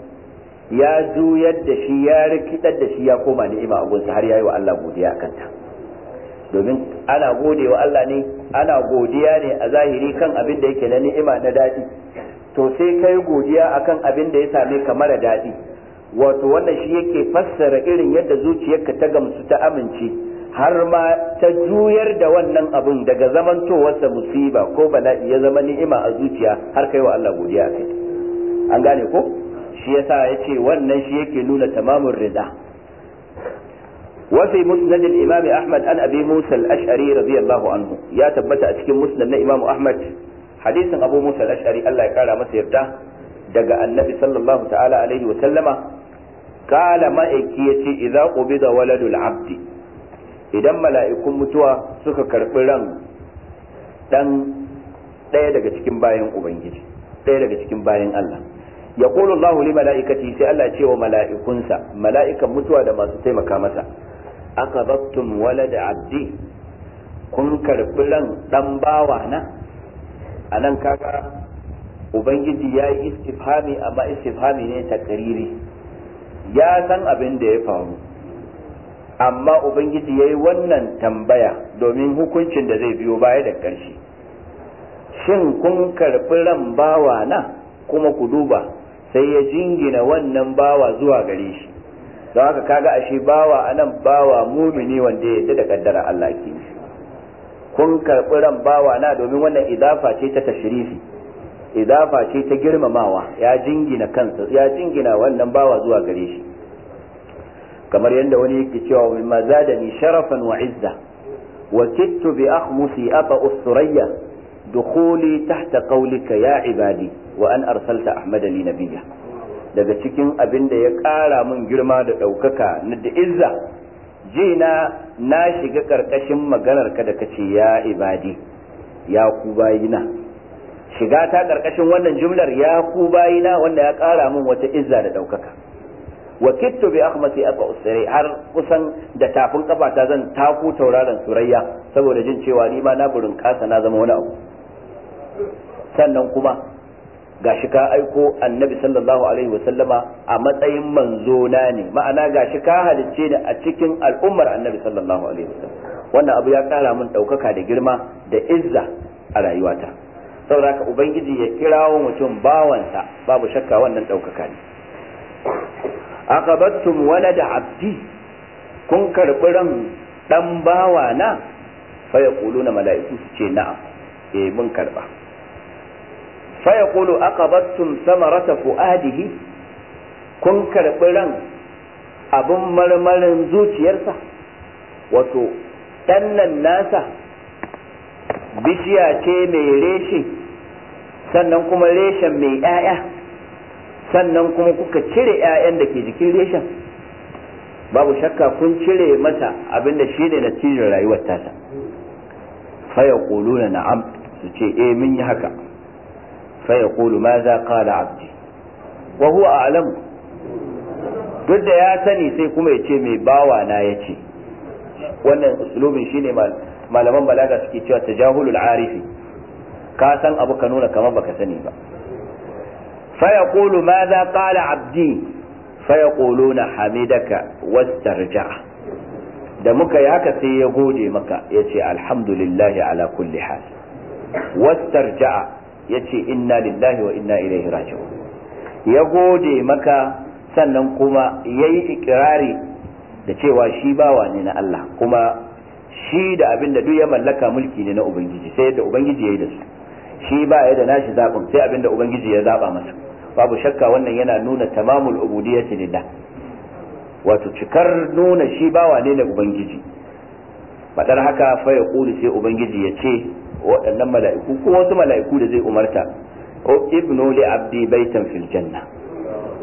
ya juyar da shi ya rikidar da shi ya koma ni'ima a gunsa har yayi wa Allah godiya kanta domin ana gode wa Allah ne ana godiya ne a zahiri kan abin da yake na ni'ima na daɗi to sai kai godiya akan abin da ya same ka mara daɗi wato wannan shi yake fassara irin yadda zuciyarka ta gamsu ta amince har ma ta juyar da wannan abin daga zamantowarsa musiba ko bala'i ya zama ni'ima a zuciya har kai wa Allah godiya a kai an gane ko shi yasa yace wannan shi yake nuna tamamun rida وفي مسند الإمام أحمد عن أبي موسى الأشعري رضي الله عنه يا تبت أشكي مسند إمام أحمد حديث أبو موسى الأشعري الله قال مسيرته دقى النبي صلى الله تعالى عليه وسلم قال ما إكيتي إذا قبض ولد العبد idan mala'ikun mutuwa suka karɓi ran ɗan ɗaya daga cikin bayan ubangiji ɗaya daga cikin bayan Allah ya ƙulu Allah li mala'ikati sai Allah ce wa mala'ikunsa mala'ikan mutuwa da masu taimaka masa aka zabtum wala da abdi kun karɓi ran ɗan bawa na a nan kaga ubangiji ya yi istifhami amma istifhami ne takariri ya san abin da ya faru amma ubangiji ya yi wannan tambaya domin hukuncin da zai biyo baya da ƙarshe shin kun karɓi ran bawa na kuma ku duba sai ya jingina wannan bawa zuwa gare shi don haka kaga ashe bawa anan bawa mumini wanda ya da kaddara Allah ke kun karɓi ran bawa na domin wannan idafa ce ta tashrifi idafa ce ta girmamawa ya jingina kansa ya jingina wannan bawa zuwa gare shi kamar yadda wani yake cewa maza da zadani sharafan wa izza wa kittu bi akhmusi aba usturayya dukhuli tahta qawlika ya ibadi wa an arsalta ahmada li nabiyya daga cikin abin da ya ƙara min girma da ɗaukaka na da izza jina na na shiga ƙarƙashin maganar ka da kace ya ibadi ya ku bayina shiga ta ƙarƙashin wannan jumlar ya ku bayina wanda ya ƙara min wata izza da ɗaukaka wa kittu bi akhmati aqa usri har kusan da tafin kafata zan taku tauraron surayya saboda jin cewa ni ma na burin kasa na zama wani abu sannan kuma gashi ka aiko annabi sallallahu alaihi wa sallama a matsayin manzo na ne ma'ana gashi ka halicce ni a cikin al'ummar annabi sallallahu alaihi wa sallama wannan abu ya kara mun daukaka da girma da izza a rayuwata saboda ka ubangiji ya kirawo mutum bawansa babu shakka wannan daukaka ne aqabattum walada abdi kun karɓi ran ɗan bawa na fa na mala'iku su ce na e eh, mun karɓa fa yaqulu aqabattum samarata fuadihi kun karɓi ran abin marmarin zuciyarsa wato ɗannan nasa bishiya ce mai reshe sannan kuma reshen mai 'ya'ya sannan kuma kuka cire 'ya'yan da ke jikin reshen babu shakka kun cire mata abinda shi ne cire rayuwar tata faya na na'am su ce eh mun yi haka faya Kulu ma za ƙala abdi wa huwa a alamu duk da ya sani sai kuma ya ce mai bawa na ya ce wannan usulubin shine ne malaman balaga suke cewa tajahulul arifi ka san abu ka nuna kamar baka sani ba فيقول ماذا قال عبدي فيقولون حمدك واسترجع da muka yi haka sai ya gode maka ya ce alhamdulillahi ala kulli hal wastarja'a ya ce inna lillahi wa inna ilaihi raji'un ya gode maka sannan kuma ya yi ikirari da cewa shi bawa ne na Allah kuma shi da abin da duk ya mallaka mulki ne na ubangiji sai yadda ubangiji ya yi da su shi ba ya da nashi zaɓin sai abin da ubangiji ya zaɓa masa babu shakka wannan yana nuna tamamul ubudiyyati lillah wato cikar nuna shi ba wane ne ubangiji madar haka fa ya kuli sai ubangiji ya ce waɗannan mala'iku ko wasu mala'iku da zai umarta o ibnu li abdi baitan fil janna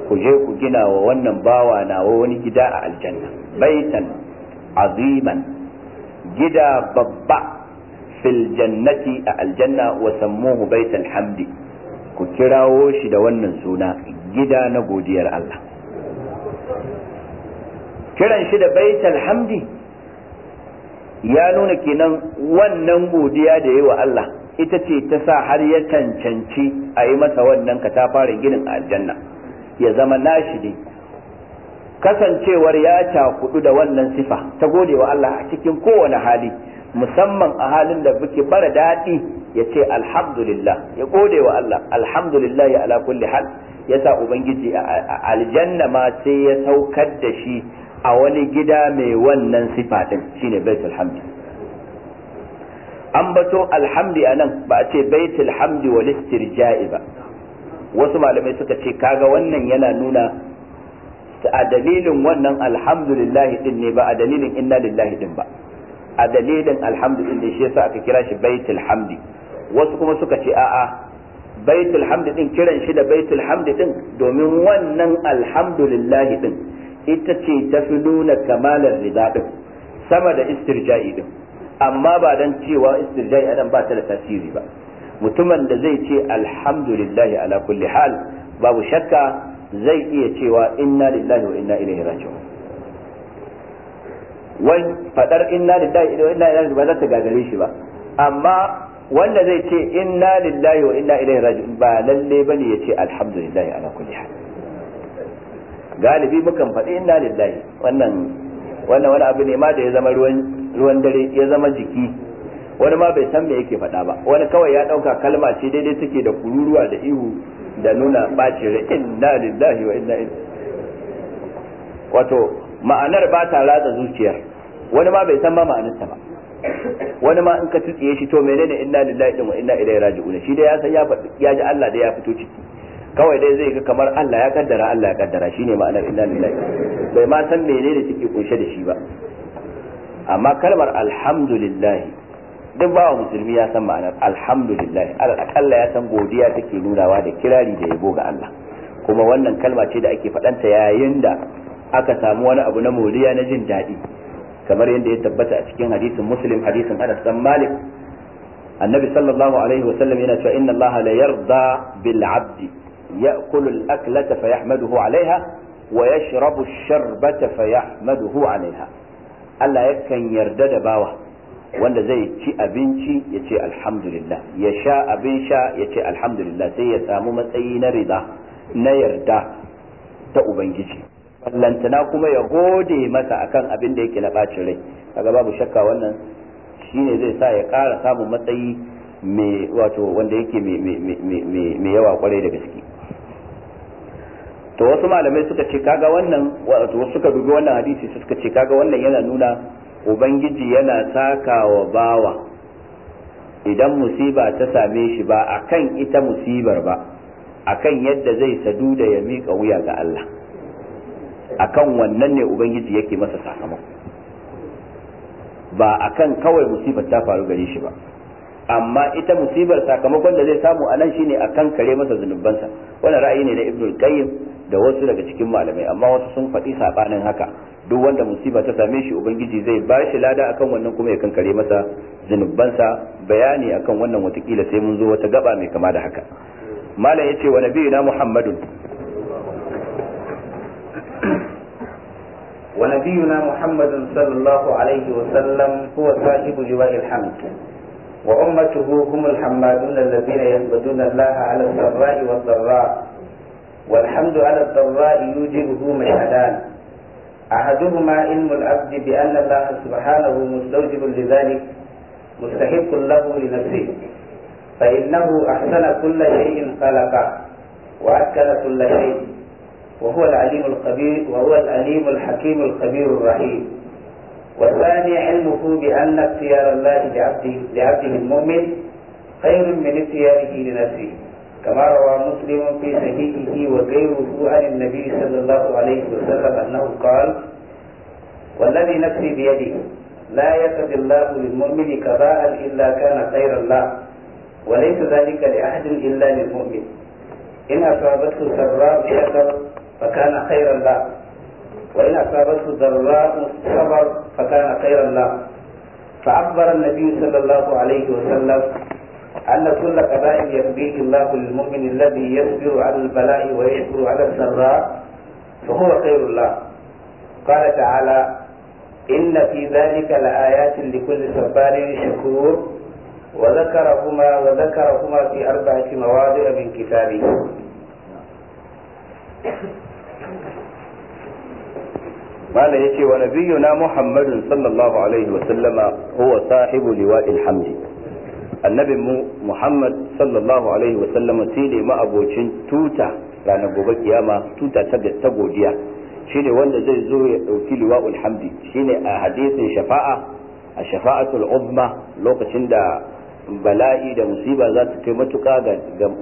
ku je ku gina wa wannan bawa na wa wani gida a aljanna baitan aziman gida babba fil jannati a aljanna wa sammuhu baitan hamdi ku kirawo shi da wannan suna gida na godiyar Allah kiran shi da baitul hamdi ya nuna kenan wannan godiya da wa Allah ita ce ta sa har ya cancanci a yi masa wannan ka ta fara ginin aljanna ya zama nashi ne kasancewar ya cakudu da wannan sifa ta gode wa Allah a cikin kowane hali musamman a halin da buke bara daɗi ya ce alhamdulillah ya gode wa Allah alhamdulillah ya ala kulli hal ya sa ubangiji aljanna ma sai ya saukar da shi a wani gida mai wannan sifatin shine baitul hamdi an bato alhamdi a nan ba a ce baitul hamdi wal istirja'i ba wasu malamai suka ce kaga wannan yana nuna a dalilin wannan alhamdulillah din ne ba a dalilin inna lillahi din ba a dalilin alhamdu din shi yasa aka kira shi baitul hamdi wasu kuma suka ce a'a baitul hamdi din kiran shi da baitul hamdi din domin wannan alhamdulillah din ita ce ta fi nuna kamalar rida din sama da istirja'i din amma ba dan cewa istirja'i adam ba ta da tasiri ba mutumin da zai ce alhamdulillah ala kulli hal babu shakka zai iya cewa inna lillahi wa inna ilaihi raji'un wai fadar inna lillahi wa inna ilaihi ba za ta gagare shi ba amma wanda zai ce inna lillahi wa inna ilaihi raji'un ba lalle bane ya ce alhamdulillahi ala kulli hal galibi mukan faɗi inna lillahi wannan wannan wani abu ne ma da ya zama ruwan ruwan dare ya zama jiki wani ma bai san me yake faɗa ba wani kawai ya ɗauka kalma ce daidai take da kururuwa da ihu da nuna ɓacin rai inna lillahi wa inna ilaihi wato ma'anar ba ta ratsa zuciyar wani ma bai san ba ma'anarta ba wani ma in ka tutsiye shi to menene inna lillahi wa inna ilaihi raji'un shi dai ya san ya faɗi ya ji Allah da ya fito ciki kawai dai zai ga kamar Allah ya kaddara Allah ya kaddara shine ma'anar inna lillahi bai ma san menene take kunshe da shi ba amma kalmar alhamdulillah duk bawa musulmi ya san ma'anar alhamdulillah alal akalla ya san godiya take nunawa da kirari da yabo ga Allah kuma wannan kalma ce da ake faɗanta yayin da aka samu wani abu na moriya na jin daɗi kamar yadda ya tabbata a cikin hadisin muslim hadisin anas dan malik annabi sallallahu alaihi wasallam yana cewa inna allaha la yarda bil abdi ya'kulu al aklata fa yahmaduhu alaiha wa yashrabu ash sharbata fa yahmaduhu alaiha Allah yakan yarda da bawa wanda zai ci abinci ya ce alhamdulillah ya sha abin sha ya ce alhamdulillah sai ya samu matsayi na rida na yarda ta ubangiji ballantana kuma ya gode masa akan abin da yake na bacin rai kaga babu shakka wannan shine zai sa ya ƙara samun matsayi mai wato wanda yake mai yawa kwarai da gaske to wasu malamai suka ce kaga wannan wato suka dubi wannan hadisi suka ce kaga wannan yana nuna ubangiji yana wa bawa idan musiba ta same shi ba akan ita musibar ba akan yadda zai sadu da ya miƙa wuya ga Allah akan wannan ne ubangiji yake masa sakamako ba akan kawai musibar ta faru gare shi ba amma ita musibar sakamakon da zai samu a nan shine akan kare masa zunubansa wannan ra'ayi ne na ibnu qayyim da wasu daga cikin malamai amma wasu sun faɗi sabanin haka duk wanda musiba ta same shi ubangiji zai ba shi lada akan wannan kuma ya kankare masa zunubansa bayani akan wannan watakila sai mun zo wata gaba mai kama da haka malam ya yace wa nabiyina Muhammadu. ونبينا محمد صلى الله عليه وسلم هو صاحب لواء الحمد وأمته هم الحمادون الذين يحمدون الله على السراء والضراء والحمد على الضراء يوجبه مشهدان أحدهما علم العبد بأن الله سبحانه مستوجب لذلك مستحق له لنفسه فإنه أحسن كل شيء خلقه وأكل كل شيء وهو العليم الخبير وهو العليم الحكيم الخبير الرحيم والثاني علمه بأن اختيار الله لعبده, لعبده المؤمن خير من اختياره لنفسه كما روى مسلم في صحيحه وغيره عن النبي صلى الله عليه وسلم أنه قال والذي نفسي بيده لا يكد الله للمؤمن قضاء إلا كان خيرا له وليس ذلك لأحد إلا للمؤمن إن أصابته سراء شكر فكان خيرا له وإن أصابته ضراء صبر فكان خيرا له فأخبر النبي صلى الله عليه وسلم أن كل قضاء يقضيه الله للمؤمن الذي يصبر على البلاء ويشكر على السراء فهو خير له قال تعالى إن في ذلك لآيات لكل صبار شكور وذكرهما وذكرهما في أربعة مواضع من كتابه malam yace wa nabiyuna muhammadun sallallahu alaihi wa sallama huwa sahibu liwa'il hamdi annabin mu muhammad sallallahu alaihi wa sallama shine ma'abocin tuta ranar gobe kiyama tuta ta godiya shine wanda zai zo ya dauki liwa'ul hamdi shine a hadisin shafa'a a shafa'atul umma lokacin da bala'i da musiba za ta kai matuka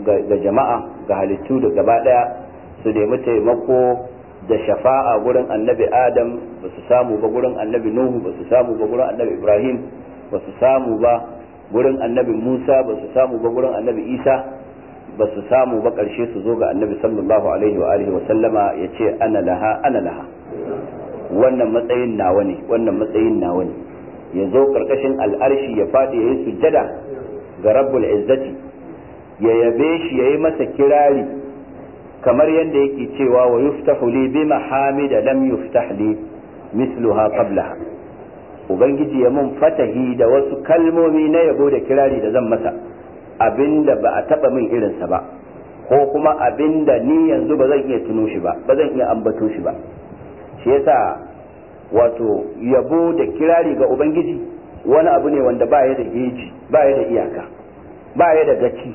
ga jama'a ga halittu da gaba daya su nemi taimako da shafa'a gurin annabi adam ba su samu ba gurin annabi nuhu ba su samu ba gurin annabi ibrahim ba su samu ba gurin annabi musa ba su samu ba gurin annabi isa ba su samu ba karshe su zo ga annabi sallallahu alaihi wa alihi wa sallama ya ce ana laha ana laha wannan matsayin nawa ne wannan matsayin nawa ne ya zo karkashin al'arshi ya faɗi ya yi sujada ga rabbul izzati ya yabe shi ya yi masa kirari kamar yadda yake cewa wa yuftahu li bi mahamida lam yuftah li misluha kablaha ubangiji ya mun fatahi da wasu kalmomi na yabo da kirari da zan masa abinda ba a taba min irinsa ba ko kuma abinda ni yanzu ba zan iya tuno shi ba ba zan iya ambato shi ba shi yasa wato yabo da kirari ga ubangiji wani abu ne wanda ba ya da geji ba ya da iyaka ba ya da gaci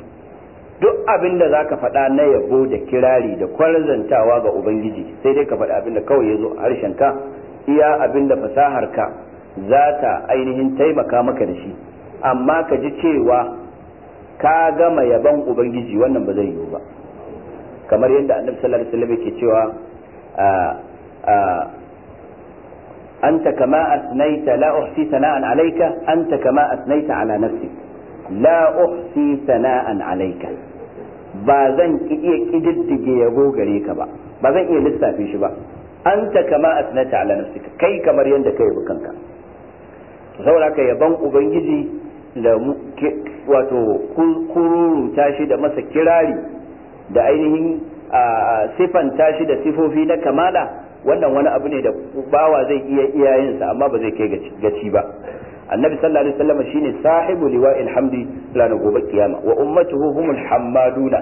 duk abin da za ka faɗa na yabo da kirari da kwarzantawa ga ubangiji sai dai ka faɗa abin da kawai ya zo a harshenka iya abin da fasaharka za ta ainihin taimaka maka da shi amma ka ji cewa ka gama yaban ubangiji wannan ba zai yiwu ba kamar yadda annabi sallallahu alaihi wasallam yake cewa anta kama asnaita la uhsi sana'an alayka anta kama asnaita ala nafsika la uhsi sana'an alayka ba zan iya kididdige yabo gare ka ba ba zan iya lissafe shi ba anta kama asnata ala kai kamar yadda kai bi kanka saboda ka yaban ubangiji da wato kururuta shi da masa kirari da ainihin sifanta shi da sifofi na kamala wannan wani abu ne da bawa zai iya iyayensa amma ba zai kai gaci ba annabi sallallahu alaihi wasallam shine sahibu liwa'il hamdi ranar gobe kiyama wa ummatuhu humul hammaduna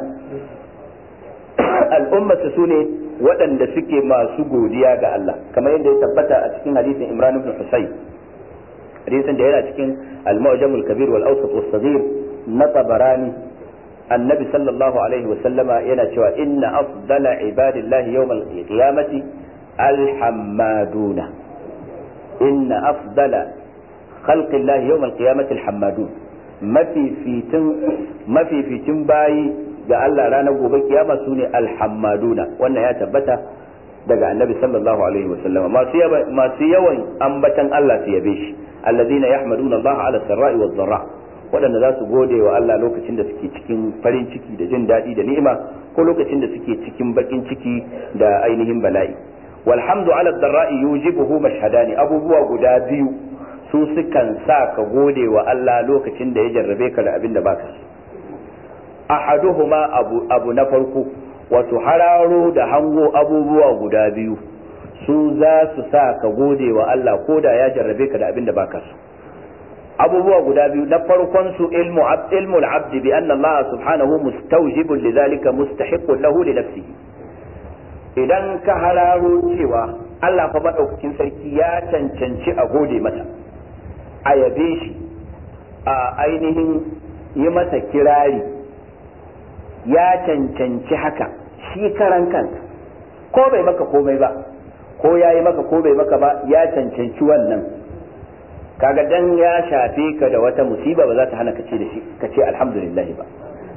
al'ummarsa su ne waɗanda suke masu godiya ga Allah kamar yadda ya tabbata a cikin hadisin Imran ibn Husayn hadisin da yana cikin al-mu'jamul kabir wal awsat na tabarani annabi sallallahu alaihi wa sallama yana cewa inna afdala ibadillahi yawmal alhamaduna al khalqillah yawmal qiyamati alhammadun mafificin bayi da Allah ranar gobe kiyama su alhamaduna alhammaduna wannan ya tabbata daga annabi sallallahu alaihi wa sallam masu yawan ambatan Allah su yabe shi alladhina yahmaduna Allah ala sarra'i wa dharra waɗanda za su gode wa Allah lokacin da suke cikin farin ciki da jin daɗi da ni'ima ko lokacin da suke cikin bakin ciki da ainihin bala'i walhamdu ala dharra'i yujibuhu mashhadani abubuwa guda biyu su sukan sa ka gode wa Allah lokacin da ya jarrabe ka da abin da baka so ahaduhuma abu abu na farko wato hararo da hango abubuwa guda biyu su za su sa ka gode wa Allah ko da ya jarrabe ka da abin da baka so abubuwa guda biyu na farkon su ilmu ilmu al-abd bi anna Allah subhanahu mustawjibun lidhalika mustahiqqun lahu li nafsihi idan ka hararo cewa Allah fa madaukakin sarki ya cancanci a gode masa ayabe shi a ainihin yi masa kirari ya cancanci haka shi karan kansa ko bai maka komai ba ko ya yi maka ko bai maka ba ya cancanci wannan kaga dan ya shafe ka da wata musiba ba za ta hana kace ce da shi ka alhamdulillah ba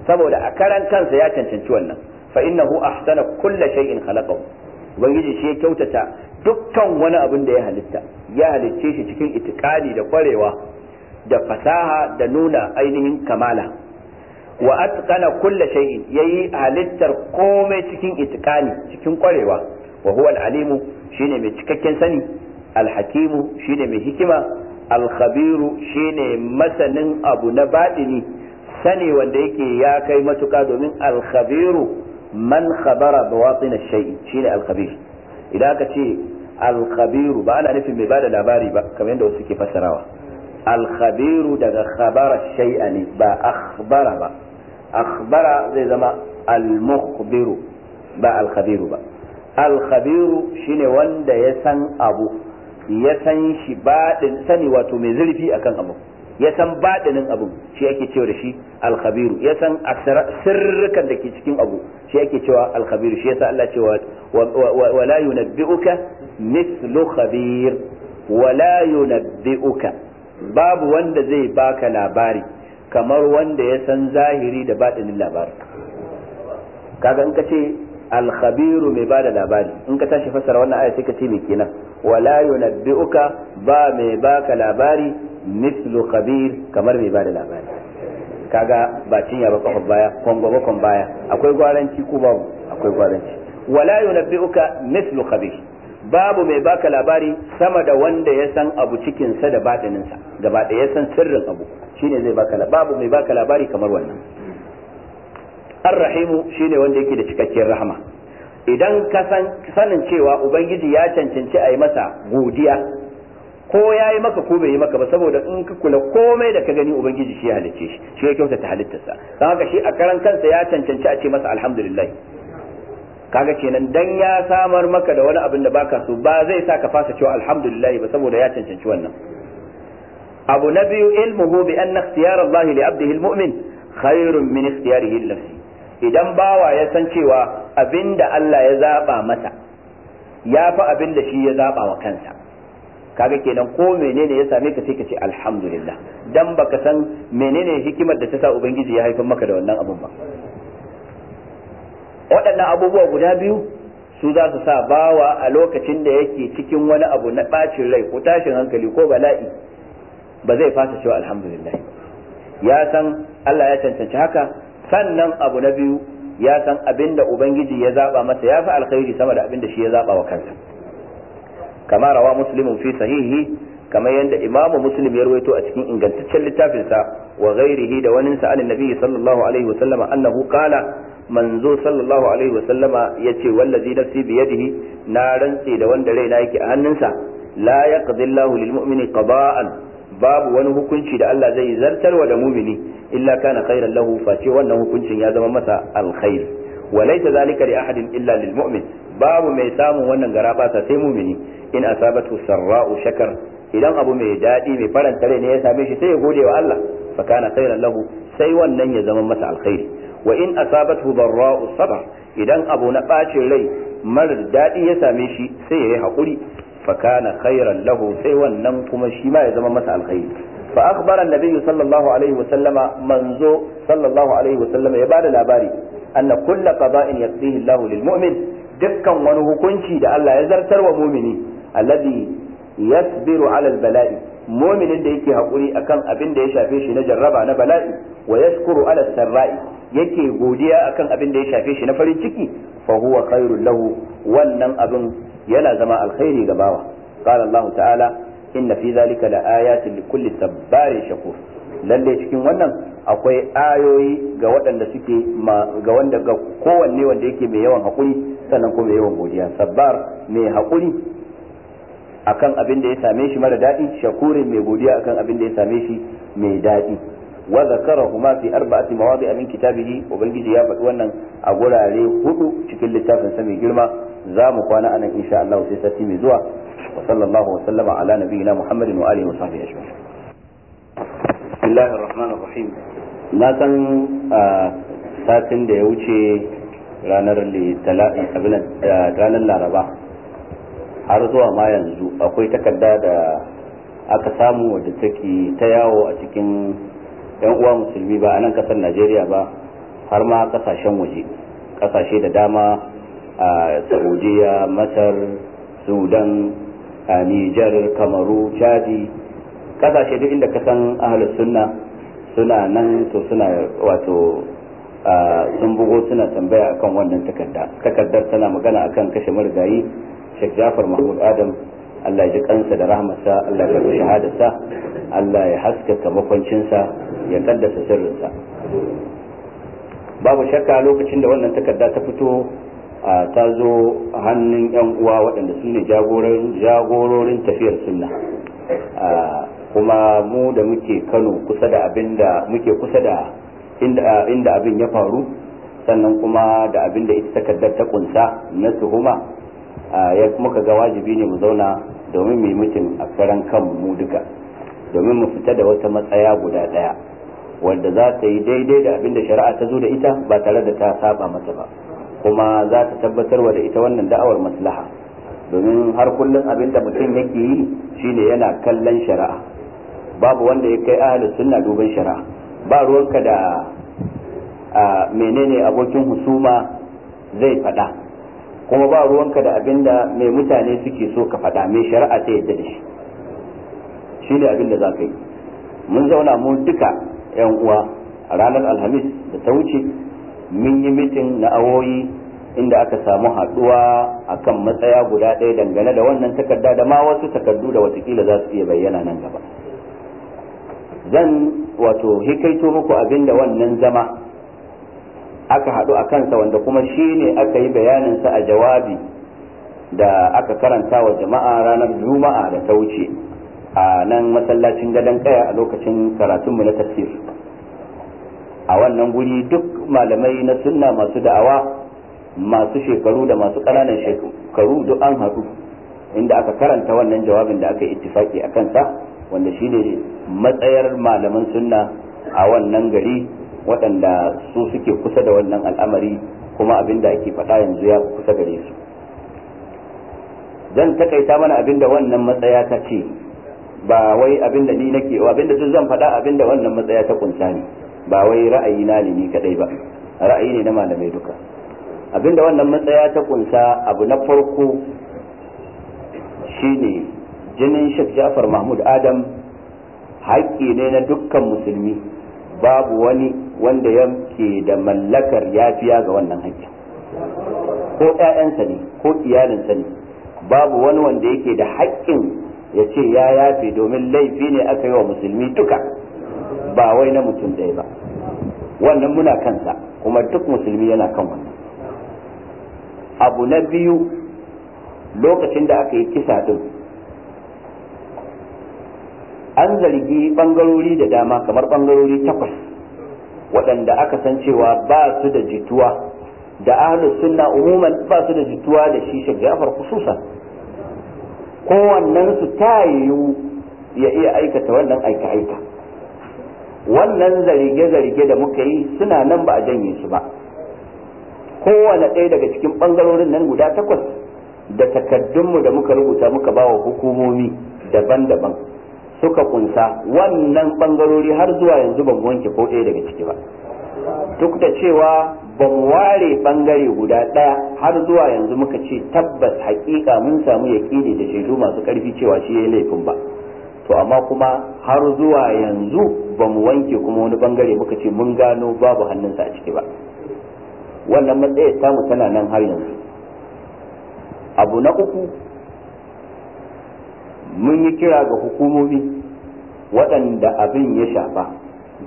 saboda a karan kansa ya cancanci wannan fa innahu ahsana kulla shay'in khalaqahu ubangiji shi ya kyautata dukkan wani abin da ya halitta ya halicce shi cikin itikani da kwarewa da fasaha da nuna ainihin kamala wa atqana kulla shay'in yayi halittar komai cikin itikani cikin kwarewa wa huwa alimu shine mai cikakken sani alhakimu shine mai hikima alkhabiru shine masanin abu na badini sani wanda yake ya kai matuka domin alkhabiru man khabara bawatin ash shine alkhabir idan ka ce al-khabiru ba ana nufin mai bada labari ba kamar yadda wasu ke fassarawa al-khabiru daga khabara shay'a ne ba akhbara ba akhbara zai zama al-mukhbiru ba al-khabiru ba al-khabiru shine wanda ya san abu ya san shi baɗin sani wato mai zurfi akan abu ya san baɗinin abu shi yake cewa da shi alkhabiru ya san sirrukan da ke cikin abu shi yake cewa alkhabiru shi yasa Allah cewa wala yunabbi'uka mithlu khabir wala yunabbi'uka babu wanda zai baka labari kamar wanda ya san zahiri da baɗinin labari kaga in ka ce alkhabiru mai bada labari in ka tashi fassara wannan aya sai ka ce me kenan wala yunabbi'uka ba mai baka labari mislu khabir kamar mai bada labari kaga ba cinya ba kafar baya kongo ba baya akwai gwaranci ko babu akwai gwaranci wala yunabbi'uka mislu khabir babu mai baka labari sama da wanda ya san abu cikin sa da batinin sa gaba da ya san sirrin abu shine zai baka babu mai baka labari kamar wannan arrahimu shine wanda yake da cikakken rahama idan ka san sanin cewa ubangiji ya cancanci a yi masa godiya ko ya yi maka ko bai yi maka ba saboda in ka kula komai da ka gani ubangiji shi ya halicce shi shi ya kyautata halittarsa don haka shi a karan kansa ya cancanci a ce masa alhamdulillah kaga kenan dan ya samar maka da wani abin da baka so ba zai sa ka fasa cewa alhamdulillah ba saboda ya cancanci wannan abu na biyu ilmuhu bi anna ikhtiyar Allah li abdihi almu'min khairun min ikhtiyarihi li idan bawa ya san cewa abinda Allah ya zaba masa ya fi abinda shi ya zaba wa kansa kaga kenan ko menene ya same ka sai ka ce alhamdulillah dan baka san menene hikimar da ta sa ubangiji ya haifar maka da wannan abun ba waɗannan abubuwa guda biyu su za su sa bawa a lokacin da yake cikin wani abu na ɓacin rai ko tashin hankali ko bala'i ba zai fasa cewa alhamdulillah ya san Allah ya cancanci haka sannan abu na biyu ya san abinda ubangiji ya zaba masa ya fi alkhairi sama da abinda shi ya zaba wa kansa kama rawa muslimu fi sahihi kamar yadda imamu muslim ya rawaito a cikin ingantaccen littafinsa wa ghairihi da wani sa an nabi sallallahu alaihi wasallama annahu qala manzo sallallahu alaihi wasallama yace wallazi nafsi bi yadihi na rantse da wanda raina yake a hannunsa la yaqdi Allahu lil mu'mini qada'an babu wani hukunci da Allah zai yi zartar wa da mumini illa kana khairan lahu face wannan hukuncin ya zama masa alkhairi wa laysa zalika li ahadin illa lil babu mai samun wannan gara basa sai mumini in asabatu sarra'u shakar idan abu mai daɗi mai faranta rai ne ya same shi sai ya gode wa Allah fa kana khairan lahu sai wannan ya zama masa alkhairi wa in asabatu barra'u sabar idan abu na bacin rai marar daɗi ya same shi sai ya yi haƙuri fa kana khairan lahu sai wannan kuma shi ma ya zama masa alkhairi فأخبر النبي صلى الله عليه وسلم منذ صلى الله عليه وسلم يبعد الأباري أن كل قضاء يقضيه الله للمؤمن dukkan wani hukunci da Allah ya zartar wa mumini alladhi yasbiru ala bala'i muminin da yake hakuri akan abin da ya shafe shi na jarraba na bala'i wa yashkuru ala sarra'i yake godiya akan abin da ya shafe shi na farin ciki fa huwa khairul lahu wannan abin yana zama alkhairi ga bawa qala Allah ta'ala inna fi dhalika la ayatin likulli sabbarin shakur lalle cikin wannan akwai ayoyi ga waɗanda suke ga wanda ga kowanne wanda yake mai yawan hakuri sannan kuma yawan godiya sabbar mai hakuri akan abin da ya same shi mara daɗi shakurin mai godiya akan abin da ya same shi mai daɗi wa zakarahuma fi arba'ati mawadi'a min kitabihi ubangiji ya faɗi wannan a gurare hudu cikin littafin sa mai girma za mu kwana anan insha Allah sai sati mai zuwa wa sallallahu wa sallama ala nabiyina Muhammadin wa alihi wa sahbihi ajma'in bismillahir rahim na san satin da ya wuce ranar ranar laraba har zuwa ma yanzu akwai takarda da aka samu wadda take ta yawo a cikin yan uwa musulmi ba a nan kasar najeriya ba har ma kasashen waje kasashe da dama a saudiya masar sudan nijar kamaru chadi ce duk inda ka san ahlus sunna suna nan to suna wato sun bugo suna tambaya akan wannan takarda takardar tana magana akan kashe marigayi Sheikh Jafar Mahmud Adam Allah ya ji kansa da rahmarsa Allah ya karbi shahadarsa Allah ya haskaka makwancinsa ya kaddasa sirrinsa babu shakka lokacin da wannan takarda ta fito ta zo hannun yan uwa waɗanda su ne jagororin tafiyar sunna kuma mu da muke kano kusa da abin da muke kusa da inda abin ya faru sannan kuma da abin da ita takardar ta kunsa na tuhuma ya kuma ga wajibi ne mu zauna domin mu mutum a karan kanmu mu duka domin mu fita da wata matsaya guda daya wanda za ta yi daidai da abin da shari'a ta zo da ita ba tare da ta saba mata ba kuma za ta wa da ita wannan da'awar maslaha domin har kullum abin da mutum yake yi shine yana kallon shari'a babu wanda ya kai ahalus sunna duban shari'a ba ruwanka da menene abokin husuma zai faɗa kuma ba ruwanka da abinda mai mutane suke so ka faɗa mai shari'a ta yadda da shi shi ne abinda za ka yi mun zauna mu duka yan uwa a ranar alhamis da ta wuce mun yi mitin na awoyi inda aka samu haɗuwa akan matsaya guda ɗaya dangane da wannan takarda da ma wasu takardu da watakila za su iya bayyana nan gaba zan wato hikaito muku abinda wannan zama aka haɗu a kansa wanda kuma shi ne aka yi bayaninsa a jawabi da aka karanta wa jama'a ranar juma'a da ta wuce a nan masallacin gadon kaya a lokacin karatunmu na tafsir a wannan guri duk malamai na sunna masu da'awa masu shekaru da masu ƙananan shekaru duk an haɗu inda aka karanta wannan jawabin da aka yi ittifaki a kansa wanda shine matsayar malaman sunna a wannan gari waɗanda su suke kusa da wannan al'amari kuma abin da ake faɗa yanzu ya kusa gare su zan takaita mana abin da wannan matsaya ta ce ba wai abin da ni nake abin da sun zan faɗa abin da wannan matsaya ta kunsa ne ba wai ra'ayi na ne ni kadai ba ra'ayi ne na malamai duka abin da wannan matsaya ta kunsa abu na farko shine jinin Sheikh Ja'far Mahmud Adam haƙƙi ne na dukkan musulmi babu wani wanda yake da mallakar yafiya ga wannan haƙƙin ko ƴaƴansa ne ko iyalinsa ne babu wani wanda yake da haƙƙin ya ce ya yafe domin laifi ne aka yi wa musulmi duka ba wai na mutum ɗaya ba wannan muna kansa kuma duk musulmi yana kan wannan abu na biyu lokacin da aka yi kisa din an zargi bangarori da dama kamar bangarori takwas waɗanda aka san cewa ba su da jituwa da ahlus sunna umuman ba su da jituwa da shi Sheikh Ja'far ko kowannen su ta yiwu ya iya aikata wannan aika aika wannan zarge zarge da muka yi suna nan ba a janye su ba kowane ɗaya daga cikin bangarorin nan guda takwas da takaddunmu da muka rubuta muka ba wa hukumomi daban-daban suka kunsa wannan bangarori har zuwa yanzu ban wanke ko ɗaya daga ciki ba duk da cewa ban ware bangare guda ɗaya har zuwa yanzu muka ce tabbas haƙiƙa mun samu yaƙini da shaidu masu ƙarfi cewa shi ya laifin ba to amma kuma har zuwa yanzu ba mu wanke kuma wani bangare muka ce mun gano babu hannunsa a ciki ba wannan matsayar tamu tana nan har yanzu abu na uku mun yi kira ga hukumomi waɗanda abin ya shafa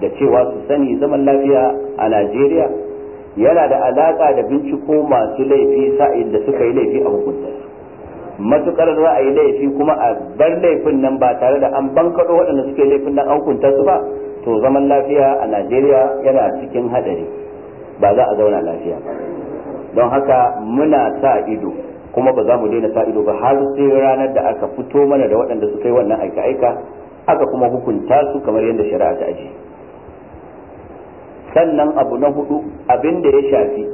da cewa su sani zaman lafiya a najeriya yana da alaƙa da binciko masu laifi sa'in da suka yi laifi a hukunta su matukar ra'ayi laifi kuma a bar laifin nan ba tare da an bankaɗo waɗanda suke laifin nan an hukunta su ba to zaman lafiya a najeriya yana cikin haɗari ba za a zauna lafiya don haka muna sa ido kuma ba za mu daina sa ido ba har sai ranar da aka fito mana da waɗanda suka yi wannan aika-aika aka kuma hukunta su kamar yadda shari'a ta aje sannan abu na hudu abin da ya shafi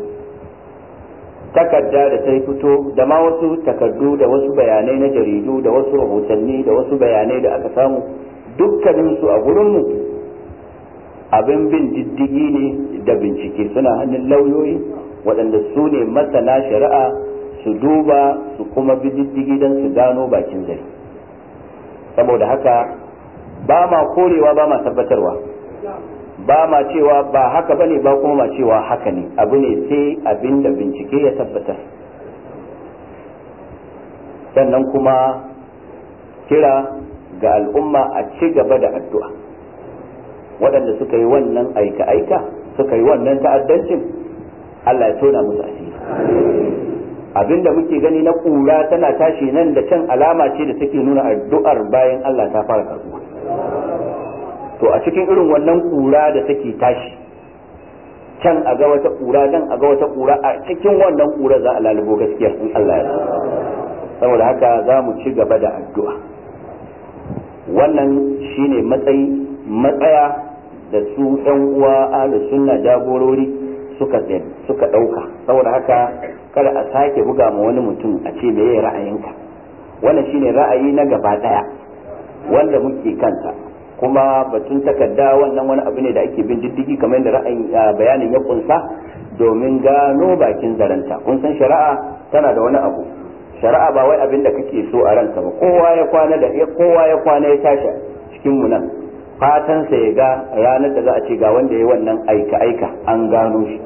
takarda da ta fito da ma wasu takardu da wasu bayanai na jaridu da wasu rahotanni da wasu bayanai da aka samu dukkaninsu a gurinmu abin bin diddigi ne da bincike suna hannun lauyoyi waɗanda su ne masana shari'a su duba su kuma bi diddigi don su gano bakin zari saboda haka ba ma korewa ba ma tabbatarwa ba ma cewa ba haka ba ne ba kuma ma cewa haka ne abu ne sai abin da bincike ya tabbatar sannan kuma kira ga al'umma a ci gaba da addu'a waɗanda suka yi wannan aika-aika suka yi wannan ta'addancin Allah ya tona musu asiri Abin da muke gani na kura tana tashi nan da can alama ce da take nuna addu'ar bayan Allah ta fara karbu to a cikin irin wannan kura da take tashi can a ga wata kura nan a ga wata kura a cikin wannan kura za a lalubo gaskiya in Allah ya saboda haka za mu ci gaba da addu'a wannan shine matsayi matsaya da su ɗan uwa ahlus sunna jagorori suka suka ɗauka saboda haka kada a sake buga ma wani mutum a ce me meye ra'ayinka wannan shine ra'ayi na gaba ɗaya wanda muke kanta kuma batun takarda wannan wani abu ne da ake bin diddigi kamar yadda ra'ayin bayanin ya kunsa domin gano bakin zaranta kun san shari'a tana da wani abu shari'a ba wai abin da kake so a ranka ba kowa ya kwana da kowa ya kwana ya tashi cikin mu nan fatan sa ya ga ranar da za a ce ga wanda ya wannan aika aika an gano shi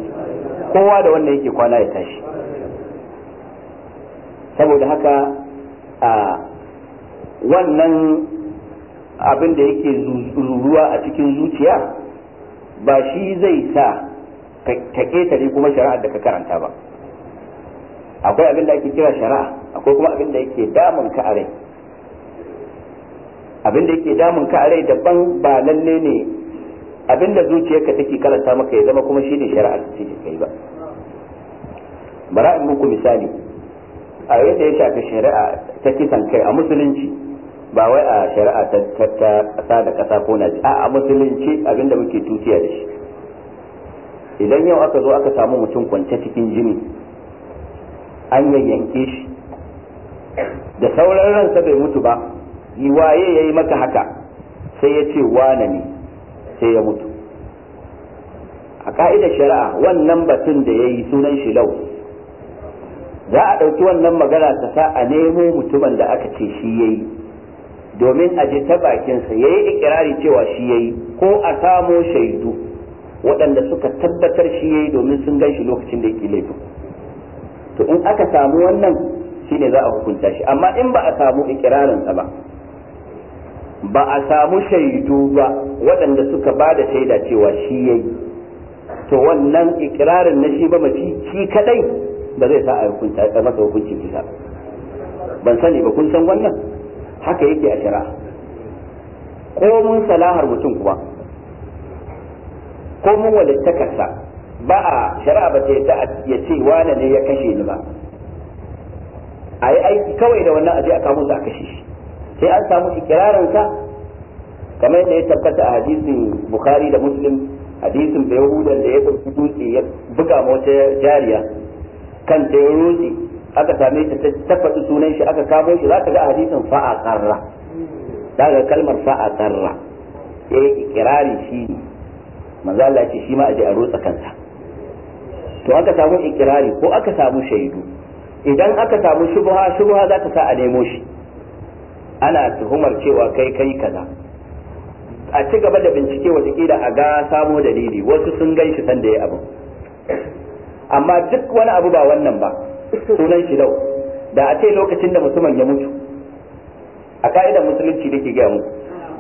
kowa da wanda yake kwana ya tashi saboda haka a wannan abin da yake ruruwa a cikin zuciya ba shi zai sa ka ketare kuma shari'a da ka karanta ba akwai abin da ake kira shari'a akwai kuma abin da yake damun ka a rai abin da yake damun ka a rai daban ba lalle ne abinda zuciyarka take karanta maka ya zama kuma shine shari'a ce kai ba bara in muku misali a yadda ya shafi shari'a ta kisan kai a musulunci ba wai a shari'a ta kasa da kasa ko na a a musulunci abinda muke tutiya da shi idan yau aka zo aka samu mutum kwance cikin jini an yayyanke shi da sauran ransa bai mutu ba yi waye ya yi maka haka sai ya ce wane ne sai ya mutu a ka'idar shari'a wannan batun da ya yi sunan shi lau za a ɗauki wannan magana ta sa a nemo mutumin da aka ce shi ya yi domin a ji ta bakinsa ya yi ikirari cewa shi ya yi ko a samo shaidu waɗanda suka tabbatar shi ya yi domin sun gan shi lokacin da yake laifin to in aka samu wannan shine za a hukunta shi amma in ba a samu ikirarinsa ba ba a samu shaidu ba waɗanda suka ba da shaida cewa shi ya yi to wannan ikirarin na shi ba mafi shi kadai ba zai sa a masa hukuncin kisa ban sani ba kun san wannan haka yake a shara ko mun salahar mutum kuma ko mun walittakarsa ba a shari'a ba ta yadda ya ce wane ne ya kashe ni ba a yi aiki kawai da wannan aje a kamun da a kashe shi sai an samu ikirarin ka kamar yadda ya tabbata a hadisin bukhari da muslim hadisin da yahudan da ya ɗauki dutse ya buga wata jariya kan ta rotsi aka same ta ta faɗi sunan shi aka kamo shi za ka ga a hadisin fa'a daga za kalmar fa'a karra ya yi ikirarin shi ne manzo Allah ce shi ma a je a rotsa kansa to aka samu ikirari ko aka samu shaidu idan aka samu shubha shubha za ta sa a nemo shi ana tuhumar cewa kai kai kaza a ci gaba da bincike watakila a ga samo dalili wasu sun gan shi sanda ya abu amma duk wani abu ba wannan ba sunan shi dau da a ce lokacin da musulman ya mutu a ka'idar musulunci da ke gaya mu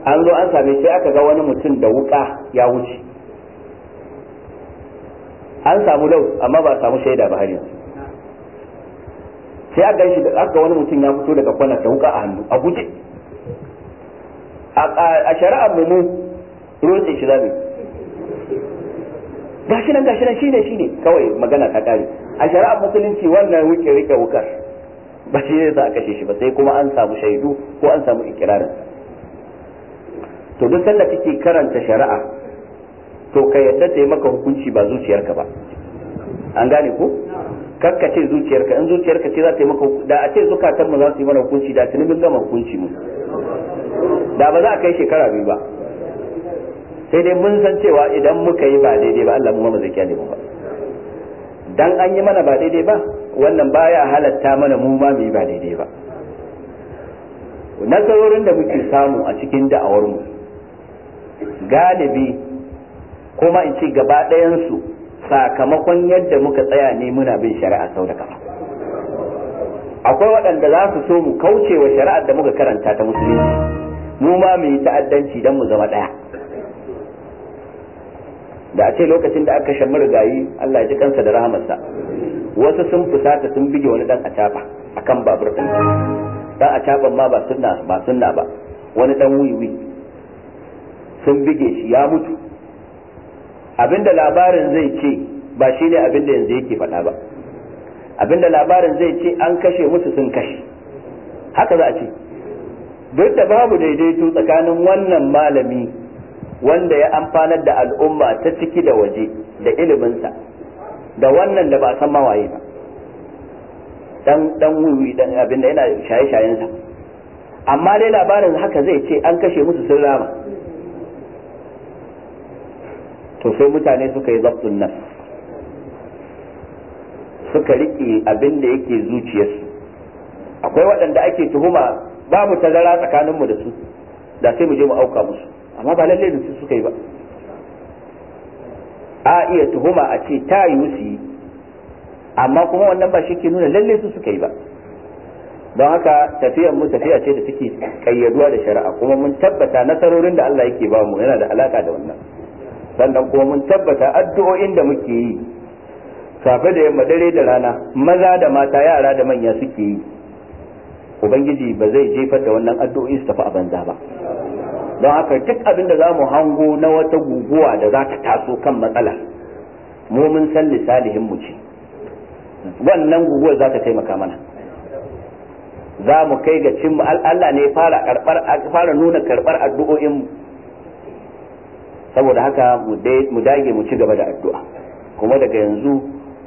an zo an same shi aka ga wani mutum da wuka ya wuce an samu lau amma ba samu shaida ba har yanzu sai aka shi da aka wani mutum ya fito daga kwana ta wuka a hannu a guje a shari'ar mu rotse shi zamu gashi nan gashi nan shine shine kawai magana ta kare a shari'ar musulunci wannan wuce rike wukar ba shi ne za a kashe shi ba sai kuma an samu shaidu ko an samu ikirarin to duk sanda kake karanta shari'a to ka yadda ta yi maka hukunci ba zuciyarka ba an gane ko kakka ce zuciyarka in zuciyarka ce za ta yi maka da a ce zukatan mu za su yi mana hukunci da tuni mun gama hukunci mu da ba za a kai shekara biyu ba sai dai mun san cewa idan muka yi ba daidai ba Allah mu ma zai kyale mu ba dan an yi mana ba daidai ba wannan baya halatta mana mu ma mu yi ba daidai ba nasarorin da muke samu a cikin da'awar mu galibi kuma in ce gaba ɗayan su sakamakon yadda muka tsaya ne muna bin shari'a sau da kafa akwai waɗanda za su so mu kauce wa shari'ar da muka karanta ta musulunci mu ma mu yi ta'addanci don mu zama ɗaya da a ce lokacin da aka shamar gayi Allah ji kansa da rahamarsa wasu sun fusata sun bige wani dan acaba akan babur din dan acaban ma ba sunna ba sunna ba wani dan wiwi sun bige shi ya mutu abinda labarin zai ce ba shi shine abinda yanzu yake faɗa ba abinda labarin zai ce an kashe musu sun kashe haka za a ce duk da babu daidaito tsakanin wannan malami wanda ya amfanar da al'umma ta ciki da waje da iliminsa da wannan da ba san mawaye ba dan dan wuyi dan abinda yana shaye-shayensa amma dai labarin haka zai ce an kashe musu sun rama to sai mutane suka yi zabtun nan suka riƙe abin da yake zuciyarsu akwai waɗanda ake tuhuma ba babu tazara tsakaninmu da su da sai mu je mu auka musu amma ba lallai su suka yi ba a iya tuhuma a ce ta yi wusi amma kuma wannan ba shi ke nuna lallai su suka yi ba don haka tafiyar mu tafiya ce da take kayyaduwa da shari'a kuma mun tabbata nasarorin da Allah yake ba mu yana da alaka da wannan sannan kuma mun tabbata addu'o'in da muke yi safe da yamma dare da rana maza da mata yara da manya suke yi ubangiji ba zai jefar da wannan addu'o'in su tafi a banza ba don haka duk abin da za mu hango na wata guguwa da za ta taso kan matsala mu mun san lisalihin mu ce wannan guguwar za ta taimaka mana za mu kai ga cimma Allah ne fara nuna karɓar addu'o'in mu saboda haka mu dage mu ci gaba da addu'a kuma daga yanzu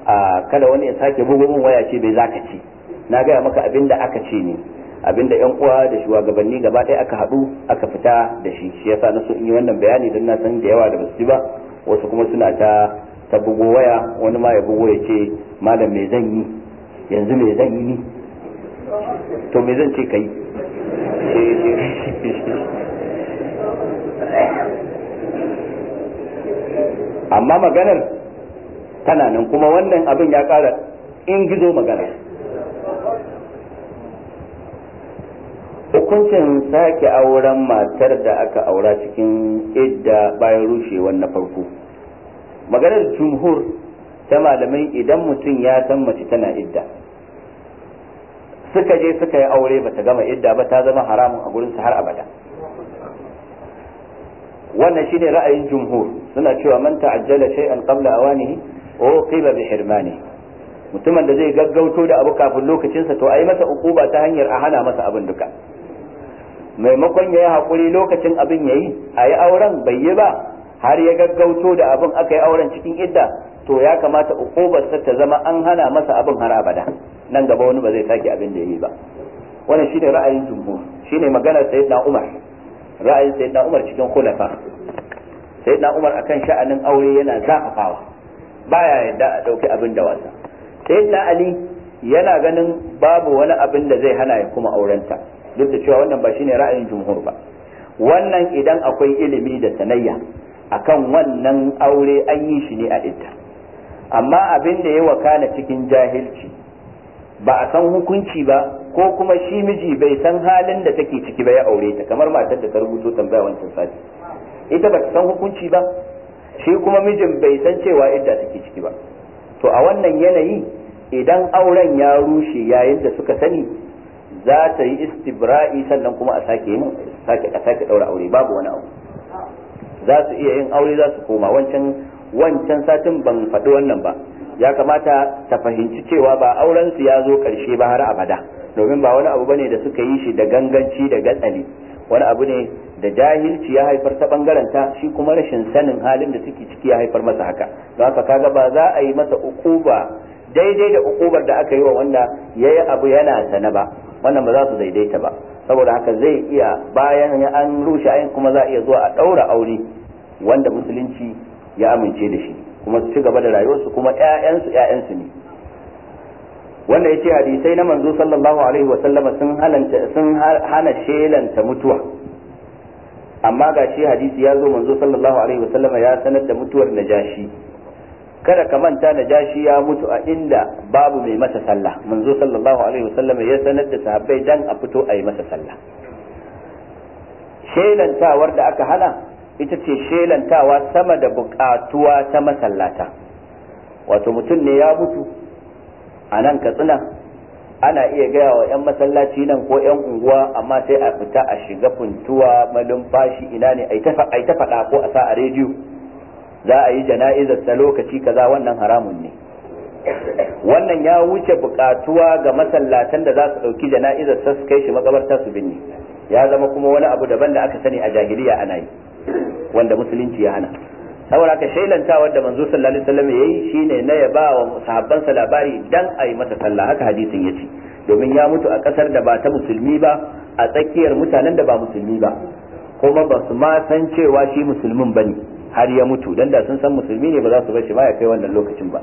a kada wani ya sake bugu min waya ce bai zaka ci na gaya maka abin da aka ce ne abin da yan uwa da shugabanni gaba ɗaya aka haɗu aka fita da shi shi yasa na so in yi wannan bayani don na san da yawa da basu ji ba wasu kuma suna ta ta bugo waya wani ma ya bugo ya ce malam me zan yi yanzu me zan yi ni to me zan ce kai amma maganar tana nan kuma wannan abin ya kara in gizo magana hukuncin sake auren matar da aka aura cikin idda bayan rushewar na farko maganar jumhur ta malamai idan mutum ya san mace tana idda suka je suka yi aure bata gama idda ba ta zama haramun a gurinsu har abada wannan shine ra'ayin jumhur suna cewa man ta'ajjala shay'an qabla awanihi uqiba bi hirmani mutumin da zai gaggauto da abu kafin lokacinsa to ai masa ukuba ta hanyar a hana masa abin duka maimakon ya yi haƙuri lokacin abin yayi yi a yi auren bai yi ba har ya gaggauto da abin aka yi auren cikin idda to ya kamata uƙubarsa ta zama an hana masa abin har abada nan gaba wani ba zai sake abin da ya yi ba wannan shine ra'ayin jumhur shine maganar sayyidina umar ra'ayin na Umar cikin sai na Umar akan sha'anin aure yana zafafawa baya yadda a ɗauki abin da wasa na Ali yana ganin babu wani abin da zai hana ya kuma aurenta duk da cewa wannan ba shine ra'ayin jumhur ba wannan idan akwai ilimi da sanayya akan wannan aure an yi shi ne a idda amma abin da ya wakana cikin jahilci ba a san hukunci ba ko kuma shi miji bai san halin da take ciki ba ya aure ta kamar matar da ta rubuto tambaya wancan sati ita ba ta san hukunci ba shi kuma mijin bai san cewa idda take ciki ba to a wannan yanayi idan auren ya rushe yayin da suka sani za ta yi istibra'i sannan kuma a sake yin sake a sake daura aure babu wani abu za su iya yin aure za su koma wancan wancan satin ban faɗi wannan ba ya kamata ta fahimci cewa ba auren su ya zo karshe ba har abada domin ba wani abu bane da suka yi shi da ganganci da gatsali wani abu ne da jahilci ya haifar ta bangaren ta shi kuma rashin sanin halin da suke ciki ya haifar masa haka don haka kaga ba za a yi masa ukuba daidai da ukubar da aka yi wa wanda yayi abu yana sana ba wannan ba za su daidaita ba saboda haka zai iya bayan an rushe ayin kuma za a iya zuwa a daura aure wanda musulunci ya amince da shi kuma su ci gaba da rayuwarsu kuma ƴaƴansu ƴaƴansu ne wanda yace hadisai na manzo sallallahu alaihi wa sallama sun halanta sun hana shelanta mutuwa amma ga shi hadisi ya zo manzo sallallahu alaihi wa sallama ya sanar da mutuwar najashi kada ka manta najashi ya mutu a inda babu mai masa sallah manzo sallallahu alaihi wa sallama ya sanar da sahabbai dan a fito a yi masa sallah shelantawar da aka hana ita ce shelantawa sama da bukatuwa ta masallata wato mutum ne ya mutu a nan katsina ana iya gaya wa 'yan masallaci nan ko 'yan unguwa amma sai a fita a shiga funtuwa malumfashi ina ne a yi ta faɗa ko a sa a rediyo za a yi jana'izar ta lokaci kaza wannan haramun ne wannan ya wuce bukatuwa ga masallatan da za su ɗauki jana'izar ta su kai shi makabarta su binne ya zama kuma wani abu daban da aka sani a jahiliya ana yi wanda musulunci ya hana saboda ka shailanta wanda manzo sallallahu alaihi wasallam yayi shine na ba wa sahabbansa labari dan a yi masa sallah haka hadisin yace domin ya mutu a kasar da ba ta musulmi ba a tsakiyar mutanen da ba musulmi ba kuma ba su ma san cewa shi musulmin bane har ya mutu dan da sun san musulmi ne ba za su bar shi ba ya kai wannan lokacin ba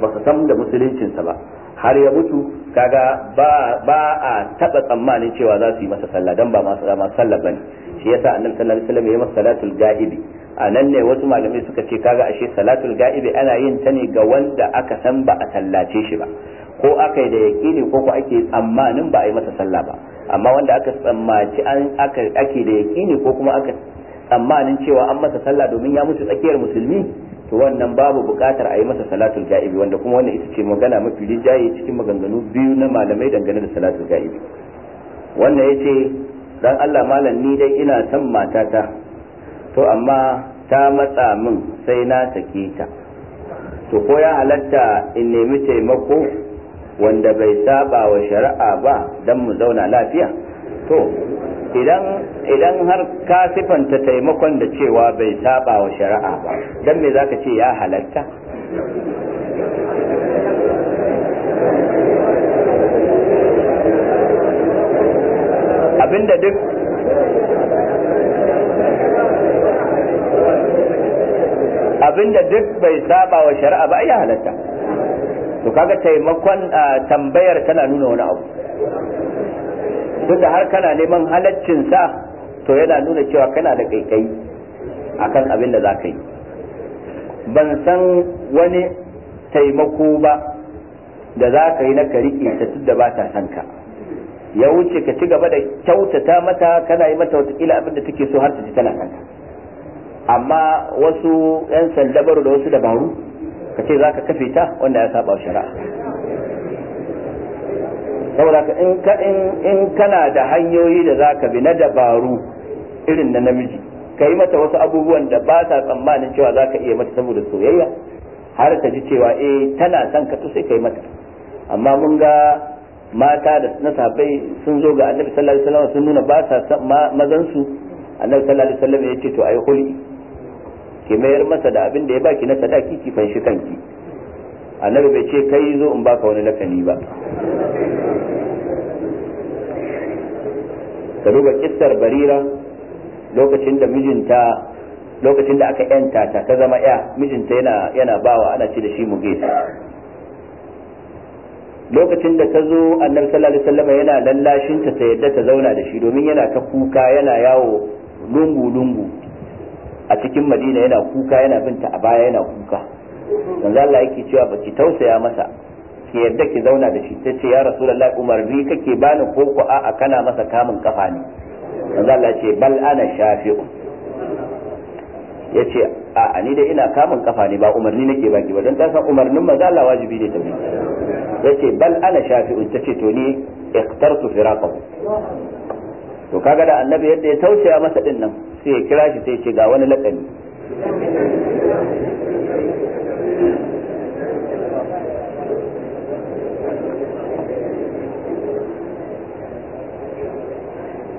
ba su san da musuluncinsa ba har ya mutu kaga ba a taba tsammanin cewa za su yi masa sallah dan ba masu sallah ne. shi yasa annabi sallallahu alaihi wasallam ya masa salatul ga'ibi a nan ne wasu malamai suka ce kaga ashe salatul ga'ibi ana yin ta ne ga wanda aka san ba a sallace shi ba ko aka yi da yaqini ko ko ake tsammanin ba a yi masa sallah ba amma wanda aka tsammaci an aka ake da yaqini ko kuma aka tsammanin cewa an masa sallah domin ya mutu tsakiyar musulmi to wannan babu buƙatar a yi masa salatul ga'ibi wanda kuma wannan ita ce magana mafi rijaye cikin maganganu biyu na malamai dangane da salatul ga'ibi wannan yace dan Allah malam ni dai ina son matata to amma ta matsa min sai na sake ta to ko ya halatta in nemi taimako wanda bai saba wa shari'a ba dan mu zauna lafiya to idan idan har ka sifanta taimakon da cewa bai saba wa shari'a ba dan me zaka ce ya halatta abinda duk abinda duk bai saba wa shari'a ba ya halatta to kaga taimakon tambayar tana nuna wani abu duk da har kana neman halaccin sa to yana nuna cewa kana da kaikai akan abin da za ka yi ban san wani taimako ba da za ka yi na ka riƙe ta tudda da ba ta san ka ya wuce ka ci gaba da kyautata mata kana yi mata watakila abin da take so har ta ji tana kanka amma wasu yan sandabaru da wasu dabaru ka ce za ka kafe ta wanda ya saba shari'a saboda ka in kana da hanyoyi da za ka bi na dabaru irin na namiji ka yi mata wasu abubuwan da ba ta tsammanin cewa za ka iya mata saboda soyayya har ta ji cewa eh tana son ka to sai ka yi mata amma mun ga mata da na sahabbai sun zo ga annabi sallallahu alaihi wasallam sun nuna ba sa mazan su annabi sallallahu alaihi wasallam ya ce to ai huli ki mayar masa da abin da ya baki na sadaki ki fanshi kanki annabi bai ce kai zo in baka wani lakani ba ka duba kissar barira lokacin da mijinta lokacin da aka yanta ta ta zama ya mijinta yana yana bawa ana ci da shi mu mugis lokacin da ta zo annabi sallallahu alaihi wasallam yana lallashin ta ta yadda ta zauna da shi domin yana ta kuka yana yawo lungu lungu a cikin madina yana kuka yana binta a baya yana kuka manzo Allah yake cewa baki tausaya masa ki yadda ki zauna da shi tace ya rasulullahi bi kake bani ko ko a'a kana masa kamun kafa ne manzo Allah ce bal ana shafi'u yace a'a ni dai ina kamun kafa ne ba umarni nake baki ba dan kasan umarnin manzo Allah wajibi ne tabi yace bal ana shafi'un tace to ni iqtartu firaqahu to kaga da annabi yadda ya tausaya masa din nan sai ya kira shi sai ya ce ga wani lakani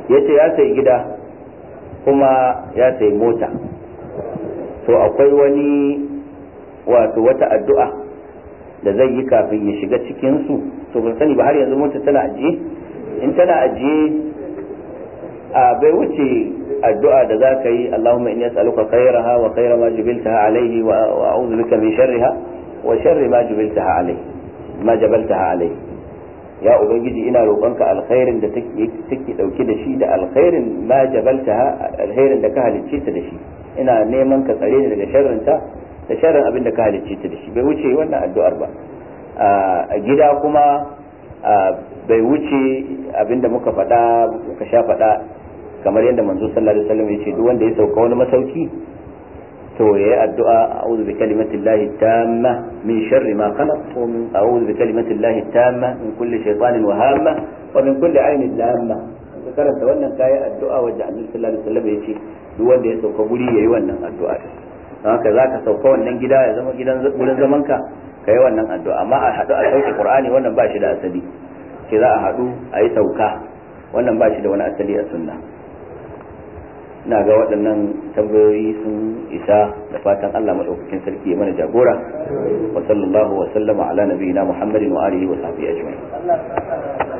yace ya sai gida kuma ya sai mota to akwai wani wato wata addu'a da zai yi kafin ya shiga cikin su to ban sani ba har yanzu mutu tana ajiye in tana ajiye a bai wuce addu'a da za ka yi Allahumma inni as'aluka khairaha wa khaira ma jubiltaha alayhi wa a'udhu bika min sharriha wa sharri ma jubiltaha alayhi ma jabaltaha alayhi ya ubangiji ina roƙonka alkhairin da take dauke da shi da alkhairin ma jabaltaha alkhairin da ka halicce ta da shi ina neman ka tsare ni daga sharrinta da sharan abin da ka halicci ta da shi bai wuce wannan addu'ar ba a gida kuma bai wuce abin da muka faɗa muka sha faɗa kamar yadda manzo sallallahu alaihi wasallam yace duk wanda ya sauka wani masauki to ya yi addu'a a'udhu bi kalimati llahi tamma min sharri ma khalaq wa min a'udhu bi kalimati llahi tamma min kulli shaytanin wahama wa min kulli aynin lamma ka karanta wannan kayan addu'a wanda annabi sallallahu alaihi wasallam yace duk wanda ya sauka guri yayi wannan addu'a don haka za ka sauka wannan gida ya zama gidan wurin zaman ka ka yi wannan addu'a amma a haɗu a sauke qur'ani wannan ba shi da asali ke za a haɗu a yi sauka wannan ba shi da wani asali a sunna ina ga waɗannan tambayoyi sun isa da fatan Allah maɗaukakin sarki ya mana jagora wa sallallahu wa sallama ala nabiyina Muhammadin wa alihi wa sahbihi ajma'in